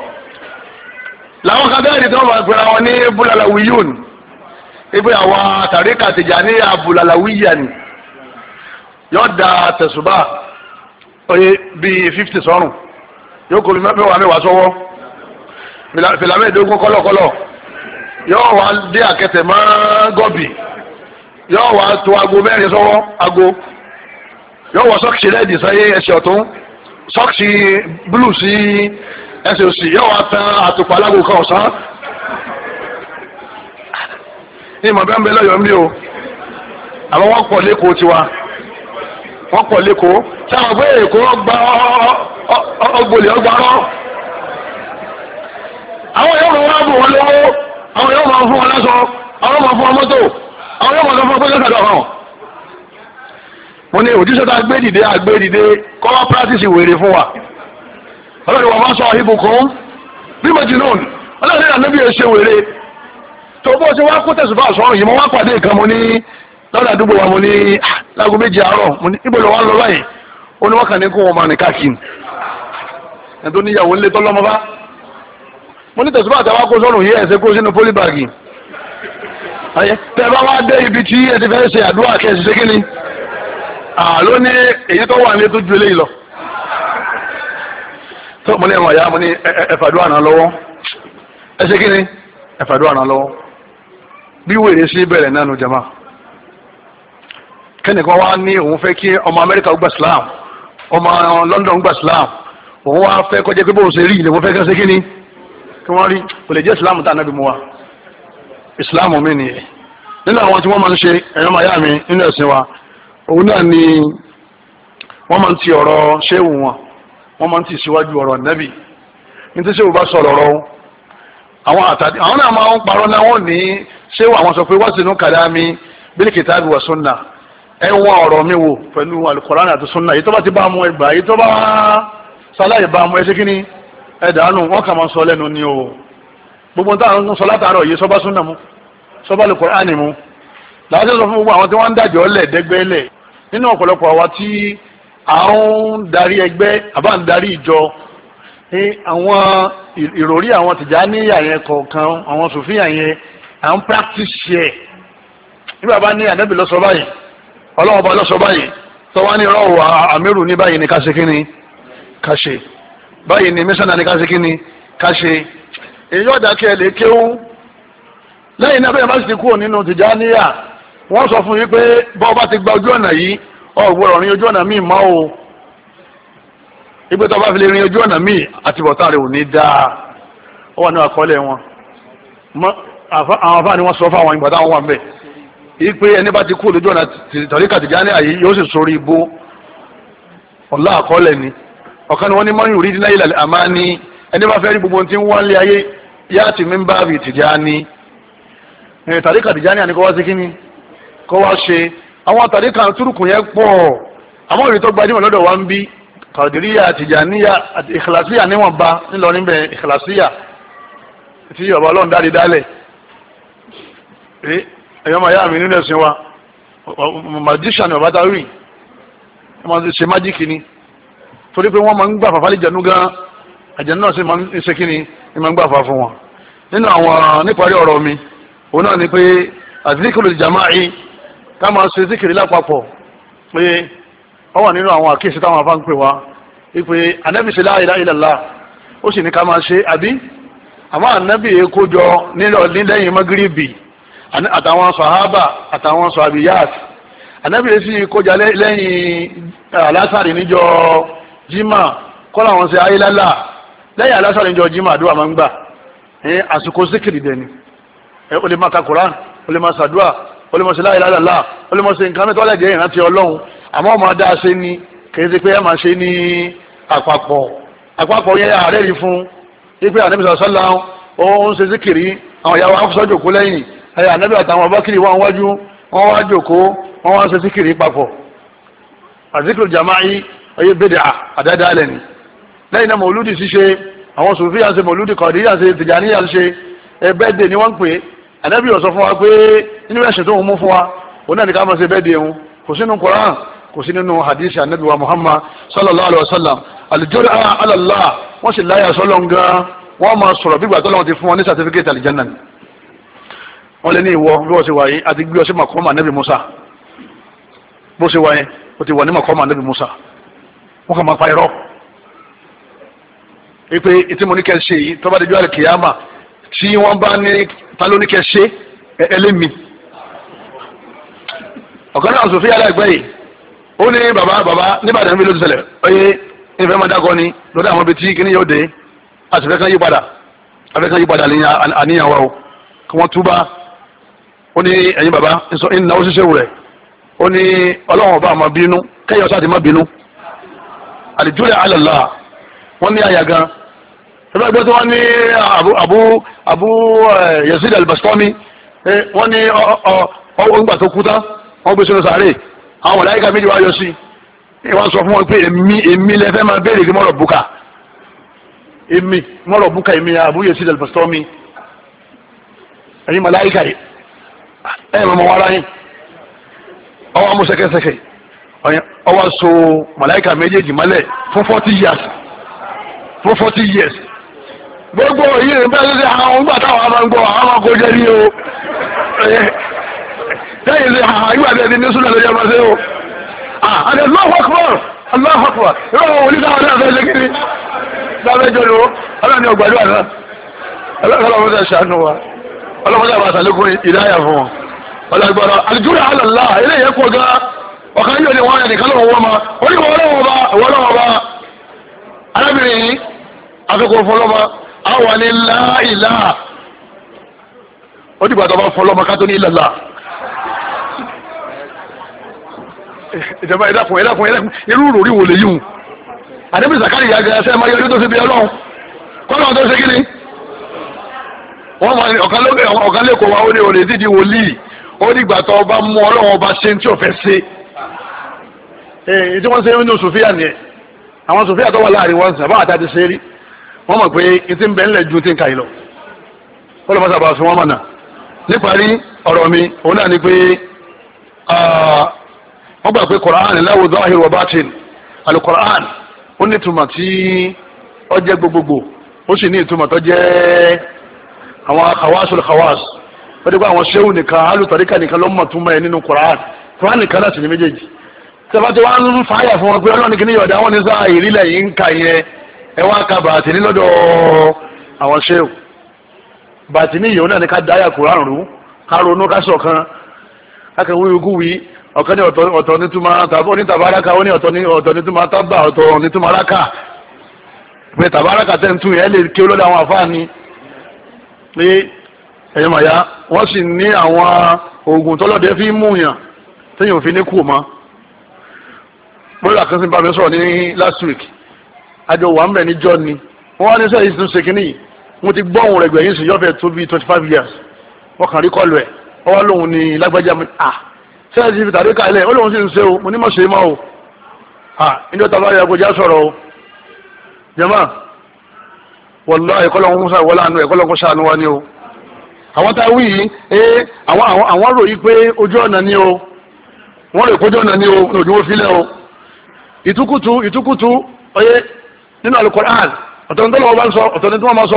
làwọn kan bẹ́ẹ̀ ni tí wọ́n máa gbéra wọn ní bulalawiyun ibi àwọn tàríkà tìjà ní abulalawiyan yóò da tẹ̀sùbà oye bíi fifty sọ́run yóò kó mẹ́wàá mẹ́wàá sọ́wọ́ fìlà mẹ́ẹ̀ẹ́dógún yóò wá dé àkẹtẹ̀ mọ́ gọ́bì yóò wá tó aago mẹ́rin sọ́wọ́ aago yóò wọ sọ́ọ̀kì rẹ́ẹ̀dì sáyé ẹsẹ̀ ọ̀tún sọ́ọ̀kì búlù sí ẹsẹ̀ òsì yóò wá tan àtùpà alágbó kan ọ̀sán ní ìmọ̀ bẹ́ẹ̀ ń bẹ lọ́yọ̀ọ́ mi o àwọn wọ́n pọ̀ lẹ́kọ̀ọ́ tiwa wọ́n pọ̀ lẹ́kọ̀ọ́ táwọn gbé èkó ọgbà ọgbọ̀lẹ̀ ọgbà rọ́ àwọn yóò rọ wá bò wọ́n lọ́wọ́ àwọn yóò máa fún ọ lásọ àwọn yóò máa fún ọ mọ́tò àwọn yóò máa sọ fún ọ pé lọ́sàdọ̀ hàn. mo ní òjíṣẹ́ tá a gbé dìde a gbé dìde kọ́ wá pírátìsì wèrè fún wa ọlọ́run wà máa sọ ibùkún bí mo ti nù ọlọ́run náà níbi èsè wèrè tó bó ṣe wá kó tẹ̀sùn bá sọ̀rọ̀ yìí mo wá pàdé nǹkan mo ní lọ́dọ̀ àdúgbò wa mo ní ah, láago méje àárọ̀ mo ní ibo lọ wá lọ báyìí ó ní wọ́n kàn ní kó wọn máa rìn káàkiri ẹ̀ tó mo ní tẹ̀síwájú àtàwọn kó sọ́run yìí ẹ̀sẹ̀ kó sínú pólíbàgì tẹ bá wá dé ibi tí ẹ ti fẹ́ ṣe àdúrà kẹsì ṣe kí ni àló ní èyí tó wà nílé tó ju eléyìí lọ tó mo ní ẹ̀wọ̀n ìyá mo ní ẹ̀fàdúrà náà lọ́wọ́ ẹ ṣe kí ni ẹ̀fàdúrà náà lọ́wọ́ bí wèrè sí bẹ̀rẹ̀ náà nu jama kẹ́nìkan wá ní òun fẹ́ kí ọmọ Amẹ́ríkà gba Islam ọmọ London gba Islam òun wá fẹ́ kọjá pé bóun ṣe rí ìlẹ̀ wọ́n fẹ́ kí kí ni tí wọ́n rí kò lè jẹ́ ìsìláàmù tá ànábì mú wa ìsìláàmù mi nìyẹn nínú àwọn tí wọ́n máa ń ṣe ẹ̀yọ́ màyá mi nínú ẹ̀sìn wa òun náà ni wọ́n máa ń ti ọ̀rọ̀ ṣéwù wọn wọ́n máa ń ti síwájú ọ̀rọ̀ ànábì ní tí ṣéwù bá sọ̀rọ̀ ọ̀rọ̀ àwọn àtàdé àwọn náà máa ń parọ́ náà wọ́n ní ṣéwù àwọn sọ pé wá sínú kàdámi bílí kìtàbí wà mi wò ẹ̀dánù wọ́n kà máa sọ lẹ́nu ní o gbogbo táwọn sọ látàárọ̀ yìí sọ́bá súnà mú sọ́bá lè Kùránì mú láti sọ fún gbogbo àwọn tí wọ́n ń dàjọ́ lẹ̀ dẹ́gbẹ́lẹ̀ nínú ọ̀pọ̀lọpọ̀ àwa tí à ń darí ẹgbẹ́ àbá ń darí ìjọ ní àwọn ìròrí àwọn Tìjàníyà yẹn kọ̀ọ̀kan àwọn sòfíà yẹn à ń practice yẹ nígbà bá ní ànábì lọ́sọ báyìí ọlọ́wọ́ bá lọ́sọ báyìí tọ́wá ní rọ́ọ̀ àmírù ní báyìí báyìí ni mísánà ni ká ṣe kí ni ká ṣe èyí ọ̀dà kí ẹ lè kéwú lẹ́yìn náà bẹ́ẹ̀ bá sì ti kúrò nínú wọ́n sọ fún yín pé bọ́ọ̀ bá ti gba ojú ọ̀nà yìí ọ̀gbọ́dọ̀ rin ojú ọ̀nà míì o ìgbé tó bá fi lè rin ojú ọ̀nà míì àtibọ̀tá rẹ̀ ò ní dáa ó wà ní àkọọ́lẹ̀ wọn àwọn afáàní wọn sọ fún àwọn ìgbà táwọn pé ẹni bá ti lójú ọ̀nà yìí yóò sì ni. ọ̀kan ni wọ́n ní mọ́rin yòrí dín láyé lálẹ́ àmá ní ẹni bá fẹ́ rí gbogbo tí ń wá lé ayé yáàtì mi ń bá àbí Tìjání tàríkà Tìjání àní kọ́ wá sí kíní kọ́ wá ṣe àwọn tàríkà túrùkù yẹn pọ̀ àwọn ìrìn tó gbajúmọ̀ lọ́dọ̀ wa ń bí Kàdíríyà Tìjàníyà àti ìkìlàsíyà níwọ̀nba ńlọrin bẹ́ẹ̀ ìkìlàsíyà tí ọba ọlọ́run dáre dálẹ̀ ẹ̀yọ́ torí pé wọ́n máa ń gbà fàfà lè jẹ̀nu gan àjẹ̀nu náà sì máa ń ṣe kí ni ni máa ń gbà fà fún wọn nínú àwọn níparí ọ̀rọ̀ mi òun náà ni pé àdíkìlù jama'i ká máa ṣe zikiri lápapọ̀ pé ó wà nínú àwọn àkíyèsí táwọn afá ń pè wá pé anábì ṣe la ilaha illallah ó sì ní ká máa ṣe àbí àmọ́ anábì kójọ nílò nílẹ́yìn magiribi àtàwọn sàhábà àtàwọn sàbíyàt anábì sì kójọ lẹ́yìn eh, alásàrì níjọ́ jimá kọ́lá wọn ṣe ayélálà lẹ́yìn alásàrè ìjọ jimá àdúrà máa ń gbà ẹ̀yìn àsìkò síkìrì dẹ̀ni ẹ̀ o lè máa ka koran o lè máa ṣàdúrà o lè máa ṣe láyélálà o lè máa ṣe nǹkan ìrántí ọlọ́run àmọ́ ọmọ adá ṣe ni kìí ṣe pé ẹ máa ṣe ní àpapọ̀ àpapọ̀ yẹn ààrẹ rí fún ipe ànábìsà sọ́lá ó ń ṣe síkìrì àwọn ìyàwó afúnṣọ́ jòkó lẹ́yìn ẹ̀yà ànábì àtàwọn bákìrì wọn wájú wọn wá jòkó wọn wá ṣe síkìrì papọ̀ àzíkìrì jàmáì ọyẹ bẹ́ẹ̀dẹ̀ àdáadáa lẹ́ni lẹ́yìn náà mọ̀lúdì ṣíṣe àwọn sòfin àṣẹ mọ̀lúdì kọ̀díyà ṣe tìjàníyà ṣe ẹbẹ́ẹ̀dẹ̀ ni wọ́n ń pè é ànábì ó sọ fún wa pé nínú ẹ̀sìn tó ń mú fún wa òun náà ní ká máa ṣe bẹ́ẹ̀dẹ̀ òun kò sínú koran kò sí nínú hadith ànábì wa muhammad sallallahu alayhi wa sallam alijọ́rọ̀ ala Allah wọ́n sì láyà sọ́lọ́ gan wọ́n máa sọ̀rọ̀ bí gbàtọ́ lọ́wọ́ ti fún wọn ní certificate alijanna ni wọ́n lé ní ìwọ bí wọ́n ṣe wà àti gbé ọ sí màkọ́mà ànábì musa bó ṣe wà yẹn ó ti wà ní màkọ́mà ànábì musa wọ́n kàn máa pa irọ́ ipe etí mo ní kẹ́ ṣe yìí tọ́ba dẹjọ́ àlè kìyàmà tí wọ́n bá ní ta ló ní kẹ́ ṣe ẹlẹ́mi ọ̀kan náà sòfin aláìgbẹ́ yìí ó ní bàbá bàbá níbàdàn níbi ló ti ṣẹlẹ̀ ọyẹ ìfẹ́ máa dákọ ni lọ́dọ̀ àwọn ibi tí kíní yóò dé àti fẹ́ẹ́ kan yí padà àfẹ́ẹ́ kan yí padà àníyàn wa o kí wọ́n túbà ó ní ẹ̀yin bàbá ìnáwó ṣíṣe wù rẹ̀ ó ní ọlọ́run ọba àmọ́ bínú kẹ́yọ̀ sáà àlìjúlẹ̀ àlàlà wọ́n ní àyà gan ẹgbẹ́ ẹgbẹ́ tí wọ́n ní abu abu eh, yazid albastami eh, wọ́n ní ọwọ́ ńgbà tó kú tán wọ́n gbé sínú sàárè àwọn ọ̀láyíká méjì wá yọ sí wọ́n sọ fún wọn pé èmi èmi lẹ́fẹ́ máa béèrè kí mọ́rọ̀ bùkà èmi mọ́rọ̀ bùkà èmi abu yazid albastami ẹ̀yin mọ̀láyíká yìí ẹ̀ mọ̀ mọ̀ wá ráyìn ọwọ́ amúṣẹ́kẹ́sẹ́kẹ́ ọwọ́ so màláìka méjèèjì mọ́lẹ̀ fún forty years fún forty years gbogbo yìí ní bẹ́ẹ̀ ṣe àwọn ọgbà táwọn àwọn ọgbà àwọn ọkọ̀ jẹ́ ní o lẹ́yìn ṣe àwọn ìwà bẹ́ẹ̀ ni nísúlẹ̀ lórí ọmọ ṣe o àti Allahu Akbar Allahu Akbar ìwà wọn wòlíì táwọn náà fẹ́ ṣe kiri lábẹ́ jọ lọ ọlọ́run ni ọgbàdúrà náà ọlọ́run ṣàánú wa ọlọ́run ṣàbàṣà lókun ìdáyà ọ̀kan yóò lè wọ́n ẹnì kan lọ́wọ́ ma ó ní wọ́n lọ́wọ́ bá wọ́n lọ́wọ́ bá arábìnrin yìí àfikún fọlọ́mọ àwọn ní láìlá ó dìgbà tó bá fọlọ́mọ ká tó ní ìlàlá ìjọba ẹ̀dàkùn ẹ̀dàkùn ẹ̀dàkùn irú ròrí wò lè o hùn àdébìsì àkàrí ìyá gẹ̀ẹ́sẹ́ máa yọjú tó fi bí ọlọ́run kọ́nà tó ṣe kí ni wọ́n máa ní ọ̀kan lẹ́kọ̀ọ́ wa ó ní olè dídí wòlíì ó dìgbà tó bá mú ọlọ́run ọba ṣe ní tí ò fẹ́ ṣe Eh, èyí tí wọ́n ṣe nínú sòfíà nìyẹn àwọn sòfíà tó wà láàrin wọn sàbá àti àti sẹ́rí wọ́n mọ̀ pé ti ń ka yìí lọ olùmọ̀sá bá fi wọ́n mọ̀nà níparí ọ̀rọ̀ mi òun náà ni pé wọ́n gbà pé Qur'an láwùjọ zahir wa batin alukoran ó ní ìtumọ̀ tí ó jẹ́ gbogbogbò ó sì ní ìtumọ̀ tó jẹ́ àwọn àwọn nìkan fúlàní kan láti ní méjèèjì tẹ́fà tí ń fàáyà fún wọn pé ọlọ́run kìíní yọ̀dá wọn ní sáà ìrìlẹ̀ yìí ń kà yẹn ẹ wá ka bàtìní lọ́dọ̀ àwọn ṣéwù bàtìní yìí ó náà ní ká dáyà kúrán rú ká ronú ká ṣọ̀kan káka wíwíkúwí ọ̀kan ní ọ̀tọ̀ nítumọ̀ tàbí onítàbáraka ó ní ọ̀tọ̀ nítumọ̀ tábà ọ̀tọ̀ nítumọ̀ aláka pé tàbáraka yẹn lè àwọn àfáàní téèyàn ò fi ní kú mọ́ bóyá kan sì bá mi sọ̀rọ̀ ní last week àjọ wà ń bẹ̀ ní john ni wọ́n wá ní sẹ́yìn tó ṣe kínní mo ti gbọ́ òun rẹ̀ gbẹ̀yìn sí yọ́fẹ̀ tó bíi twenty five years wọ́n kàn rí kọlu ẹ̀ wọ́n wá lóun ní lágbájá mi à sẹ́yìn ti fi tàbí káyẹ̀lẹ̀ ó lóun sì ń ṣe o mo ní mọ̀ ṣe é mọ́ o à níjọ́ ta bá yẹ kó já sọ̀rọ̀ o jẹ́mọ́ wọ́lá ẹ̀kọ́lọ́hún sáà wọ́lá àánú ẹ̀kọ́lọ́hún sáà ni wọ́n ní o eh, àwọn àwọn àwọn ròyìn pé ojú ọ̀nà ni o wọ́n lè kójọ́ náà ní o ní òjòwò filẹ̀ o ìtukùtù ìtukùtù ọyẹ nínú alukoran ọ̀tọ̀ni tó lọ́wọ́ bá ń sọ ọ̀tọ̀ni tó wọ́n máa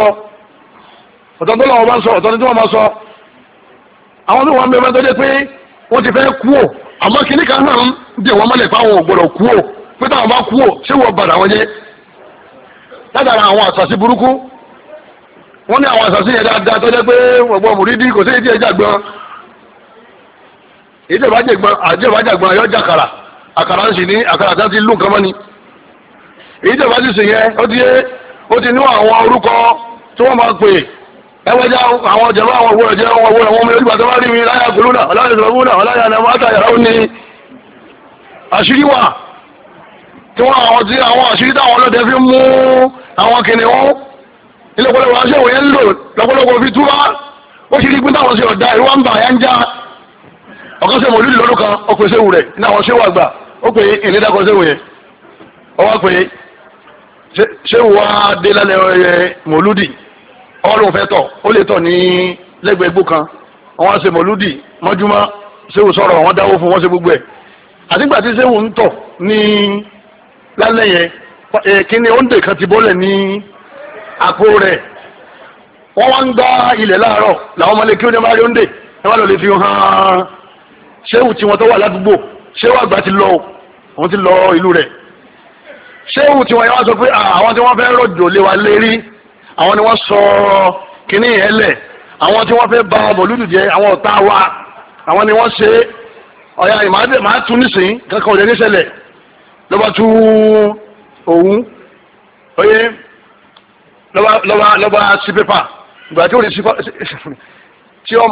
tó lọ́wọ́ bá ń sọ ọ̀tọ̀ni tó wọ́n máa sọ àwọn tó pé wọ́n ti fẹ́ kú o àmọ́ kan náà ń dè mọ́lẹ̀ fáwọn kú o pé táwọn bá kú o ṣé wọ́n bàdà wọn yé èyí tẹ̀bá jẹ̀gbọ́n àjẹ́ ìbá jẹ̀gbọ́n ayọ́ jàkàrà àkàrà ń sì ní àkàrà tá ti lù nǹkan mọ́ni èyí tẹ̀bá sì sì yẹn ó ti yé ó ti ní àwọn orúkọ tí wọ́n máa pè ẹwọ́jà àwọn ọ̀jọ̀gbọ́n àwọn òwúrọ̀ jẹ́ wọn òwúrọ̀ wọn mẹ́rin gbàtọ́ bá rí mi láyà kúlúnà ọ̀láyà ìdọ̀gbọ́nà ọ̀láyà ni wọ́n àtàyàrá ó ní àṣírí wà tí wọ́n àwọn tí àwọn àṣírí táwọn ọlọ́dẹ fi mú àwọn kìnìún ilé pọ̀lọpọ̀ aṣẹ́wòye ń lò lọ́pọ̀lọpọ̀ fi túbá ó ṣe rí pín táwọn ṣe ọ̀dà ìwọ́n ń bà yá ń já ọ̀kan sẹ́wọ̀n olú lọ́dún kan ọkọ̀ sẹ́wù rẹ̀ ní àwọn sẹ́wù àgbà ó pè é ìlédàkọ̀ sẹ́wù yẹn ọwọ́ pè é sẹ́wù wa dé lálẹ́ ẹ̀ mọ̀lúdì ọwọ́ ló ń fẹ́ tọ̀ ó lè tọ̀ ní lẹ́gbẹ̀ẹ́ igbó kan àwọn àṣẹ mọ̀lúdì mọ́júmọ́ sẹ́wù sọ̀rọ̀ wọ́n dáwó fún wọ́n ṣe gbogbo ẹ̀ àtìgbà tí sẹ́wù ń tọ̀ ní lálẹ́ yẹn kíni oúnjẹ kan ti bọ́lẹ̀ ní àpò rẹ̀ wọ́n wá ń gbá ilẹ̀ láàárọ̀ làwọn ọmọlẹ́kí ó ní ọmọ ayé oúnjẹ ẹ má lọ lè fi hàn án ṣéwù tiwọn tó wà ládùúgbò ṣéwù àgbà ti lọ wọn ti lọ ìlú rẹ̀ ṣéwù tiwọn yẹn wá sọ pé àwọn tí wọ́n fẹ́ rọ̀jò lé wa lérí àwọn ni wọ́n sọ kínní yẹn lẹ̀ àwọn tí wọ́n fẹ́ ba mọ̀lúdù jẹ́ àwọn ọ̀tá wa àwọn ni wọ́n ṣe ọ̀yà ìmáàdé máa tún nísìnyí kankan òde níṣẹ̀lẹ̀ ló bá tú òun oyè ló bá sí pépà ìgbà tí ò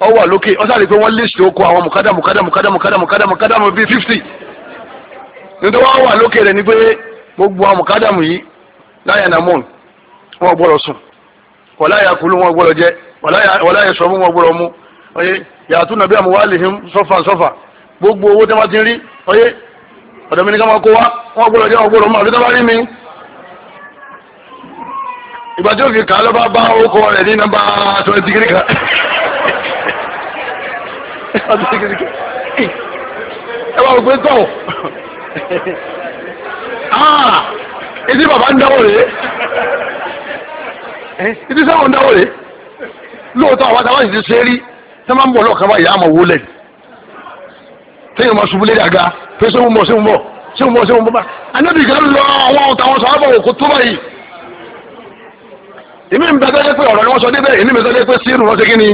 ọ wà lókè ọ sáré pé wọ́n list oko àwọn mùkádà mùkádà mùkádà mùkádà mùkádà mùkádà mọ̀ bíi fifty nítorí wọ́n wà lókè rẹ̀ ni pé gbogbo àwọn mùkádà mù yìí láyà nà mọ́ọ̀n wọn gbọ́dọ̀ sùn wàláyà kulu wọn gbọ́dọ̀ jẹ wàláyà sọ̀mú wọn gbọ́dọ̀ mú ọyẹ yàtú nàbí àmúwálìhìn sọ́fà sọ́fà gbogbo owó tí wọ́n ti rí ọyẹ ọ̀dọ̀ mi ní ká máa kó wá wọn gbọ́dọ̀ mi ìgbà tí ó fi kà twenty three ọdún sikisiki ẹ wá gbé tọ̀ ah, ìdí bàbá ń dáwọ́ rèé ìdí sẹ́wọ̀n ń dáwọ́ rèé lóòótọ́ àwọn àtàwọn ìdí ṣe rí tí wọ́n máa ń bọ̀ lọ́ọ̀kan báyìí àmọ̀ wó lẹ̀ téèyàn máa ṣubú lédè àga pé ṣé ń bọ̀ ṣé ń bọ̀ ṣé ń bọ̀ ṣé ń bọ̀ bá anábì kan lọ àwọn ọ̀tá wọn sọ àbọ̀ òkú tó báyìí èmi ń bẹ pé ọ̀rọ̀ ni wọ́n sọ débẹ̀ èmi ń bẹ tẹ́lẹ̀ pé sírù wọ́n ṣe kí ni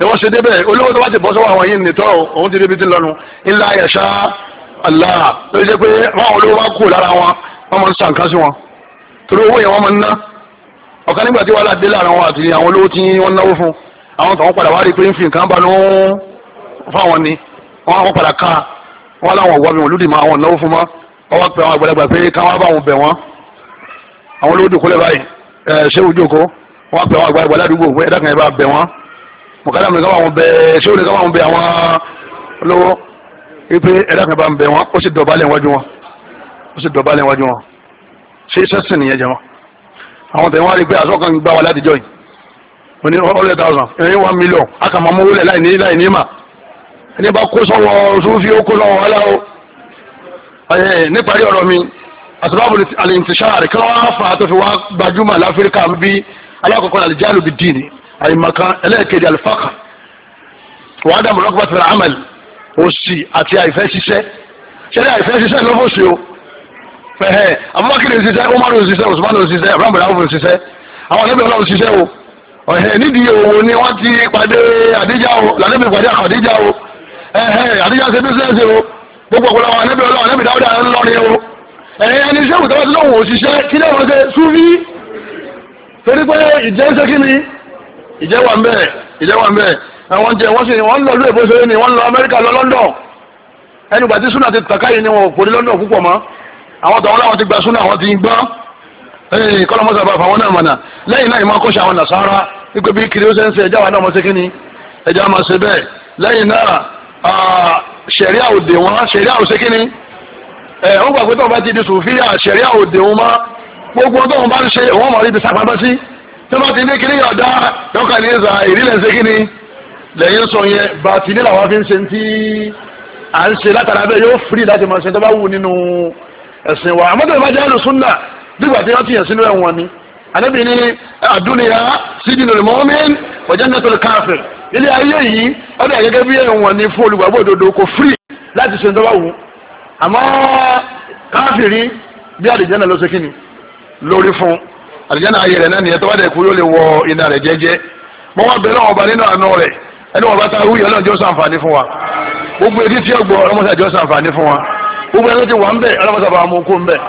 ni wọ́n ṣe débẹ̀ olówó tó bá ti bọ́ sọ́wọ́ àwọn yìí nìtọ́ òun ti débi ti lọ́nu ńlá ẹ̀ṣá Allah ló ṣe pé báwọn olówó bá kú lára wọn wọ́n máa ń sàn kásí wọn torí owó yẹn wọ́n máa ń ná ọ̀kan nígbà tí wàhálà dé láàrin wọn àti àwọn olówó tí wọ́n náwó fún àwọn tó ń padà wá rí i pé ń fi nǹkan banú fáwọn ni wọ́n àwọn padà ká wọ́n láwọn wọ́ mi wọ́n lùdì máa náwó fún mọ́ wọn bẹ̀ wọ́n àwọn àgbàlagbà pé ẹ̀dá kan mọ̀kálà mi káwọn bẹ ṣéwù ni káwọn bẹ àwọn olówó wípé ẹ̀dá kan bá ń bẹ wọn ó sì dọ̀bálẹ̀ wájú wọn ó sì dọ̀bálẹ̀ wájú wọn ṣé sẹ́sìn nìyẹn jẹ wọn àwọn tẹ̀wọ́n wá rí pé àṣọ kan gbá wa látijọ́ yìí mo ní hundred thousand ẹ̀yìn one million a kà máa mọ́wó lẹ̀ láì ní láì ní mà ẹni bá kó sọ́wọ́ sófì ó kó lọ́wọ́ ọ̀la o níparí ọ̀rọ̀ mi àsìbáàbò àlè ìtìṣà àríkà wọn á fà á tó fi wá gbajúmọ̀ láfíríkà bí alákọ̀ọ́kọ́ àlè bí dì ní àyìnmọ̀kan ẹlẹ́ẹ̀kejì àlùfáàkà wà á dàmú rọ́gbàtì àmàlì òsì àti àìfẹ́ ṣiṣẹ́ ṣẹlẹ̀ àìfẹ́ ṣiṣẹ́ lọ́fọ̀ọ́sì o fẹ̀hẹ́ abubakar ṣiṣẹ́ umaru ṣiṣẹ́ usman ṣiṣẹ́ abdulhamid abu ṣiṣẹ́ àwọn ẹlẹ́bẹ̀ẹ́ ọlọ́run ṣiṣẹ́ o ọ̀hẹ́ nídìí òwò ni wọ́n ti pàdé àdíjà o làdébẹ̀ pàdé àkàdíjà o ẹ̀hẹ́ àdíjà ṣe bísíǹsì o gbogbo ọ̀pọ̀lọpọ̀ àdébẹ̀ ọlọ́run àdébẹ̀ dáwọ́dà ń lọrin o ẹ̀hẹ́ ẹni iṣẹ́ òtọ́wọ́ ti lọ́wọ́ òṣìṣẹ́ kí lẹ́wọ̀n ṣe súfí torí pé ìjẹ́ ń ṣe kí ni ìjẹ́wà ń bẹ̀ ìjẹ́wà ń bẹ̀ àwọn jẹ wọ́n sì wọ́n lọ lóye bó ṣe ni wọ́n lọ Amẹ́ríkà lọ London ẹnu gbàtí súnà ti tàkà yìí ni wọn ò forí London púpọ̀ mọ́ àwọn tàwọn làwọn ti gba súnà àwọn ti ń gbọ́n ẹyìn kọ́lọ́ mọ́sá bá fàwọn náà mọ̀nà lẹ́yìn náà ìmọ̀ kọ́ṣẹ́ àwọn nàṣàrà wípé bí kiri ó ṣe ń ṣe ẹja wà náà mọ̀ sí kí ni ẹja máa ṣe bẹ́ẹ̀ lẹ́yìn náà ṣẹ̀ríà òde wọn ṣẹ̀ríà ò ṣe kí ni ẹ̀ wọ́n gbà pé tó bá ti di sùfíà ṣẹ̀ríà òde wọn mọ́ gbogbo tó wọn bá ń ṣe òun mọ̀ rí ibi sàpamọ́ sí tọ́ba ti ní kíní yọ̀dá lọ́kàn ní ìzà ìrìlẹ̀ ṣe kíni lẹ́yìn sọ yẹn bá ti ní làwọn fi ń ṣe tí à ń ṣe látara bẹ́ẹ̀ yóò firi láti máa ṣe tó bá wù nínú ẹ̀sìn wa àmọ́tò ìbá jẹ́ àlùsúnnà nígbà tí wọ́n ti yàn sínú ẹ̀wọ̀n ni ànábì ní àdúnyà sídìnnú mọ́mìn wajannatu káfíìn ilé ayé yìí ọdún àgẹ́gẹ́ bí ẹ̀wọ̀n ni fún olùgbàgbọ́ òdodo kò firi láti ṣe tó bá wù àmọ́ káfíìn bí àdìjẹ́ náà ló ṣe lórí fún àlìjáná ayé rẹ̀ náà nìyẹn tó bá dẹ̀ kú yóò lè wọ iná rẹ̀ jẹ́jẹ́ mọ́ wá bẹ̀rẹ̀ ọba nínú àánú rẹ̀ ẹni wọ́n bá ta wúyọ̀ náà jọ́ sàǹfààní fún wa gbogbo etí tí ọgbọ ọlọ́mọsà jọ́ sàǹfààní fún wa gbogbo ẹni tó ti wà ń bẹ̀ ọlọ́mọsà bá mú kó ń bẹ̀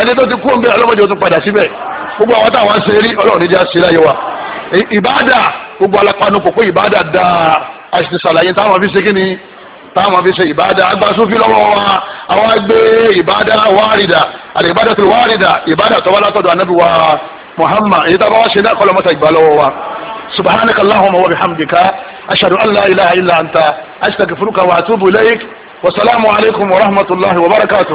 ẹni tó ti kó ń bẹ̀ ọlọ́mọdé tó padà síbẹ̀ gbogbo àwọn táwọn ṣe rí ọlọ́run níjà ṣe láyé wa ìbáàdà gbogbo alápánu kò pé ìbáàdà dáa àṣìṣe táwọn fi ṣe kí táwọn fi ṣe ìbáàdà agbásófin lọ́wọ́ wa àwọn gbé ìbáàdà wárìdà àti ìbáàdà tó wárìdà ìbáàdà tó wá látọ̀dọ̀ anábìwá muhammad èyí tá a bá wá ṣe náà kọ́lọ́ mọ́tà ìgbà lọ́wọ́ wa subhanaka allahumma wa bihamdika ashhadu an la ilaha illa anta astaghfiruka wa atubu ilayk wa salaamu alaykum wa rahmatullahi wa barakatuh.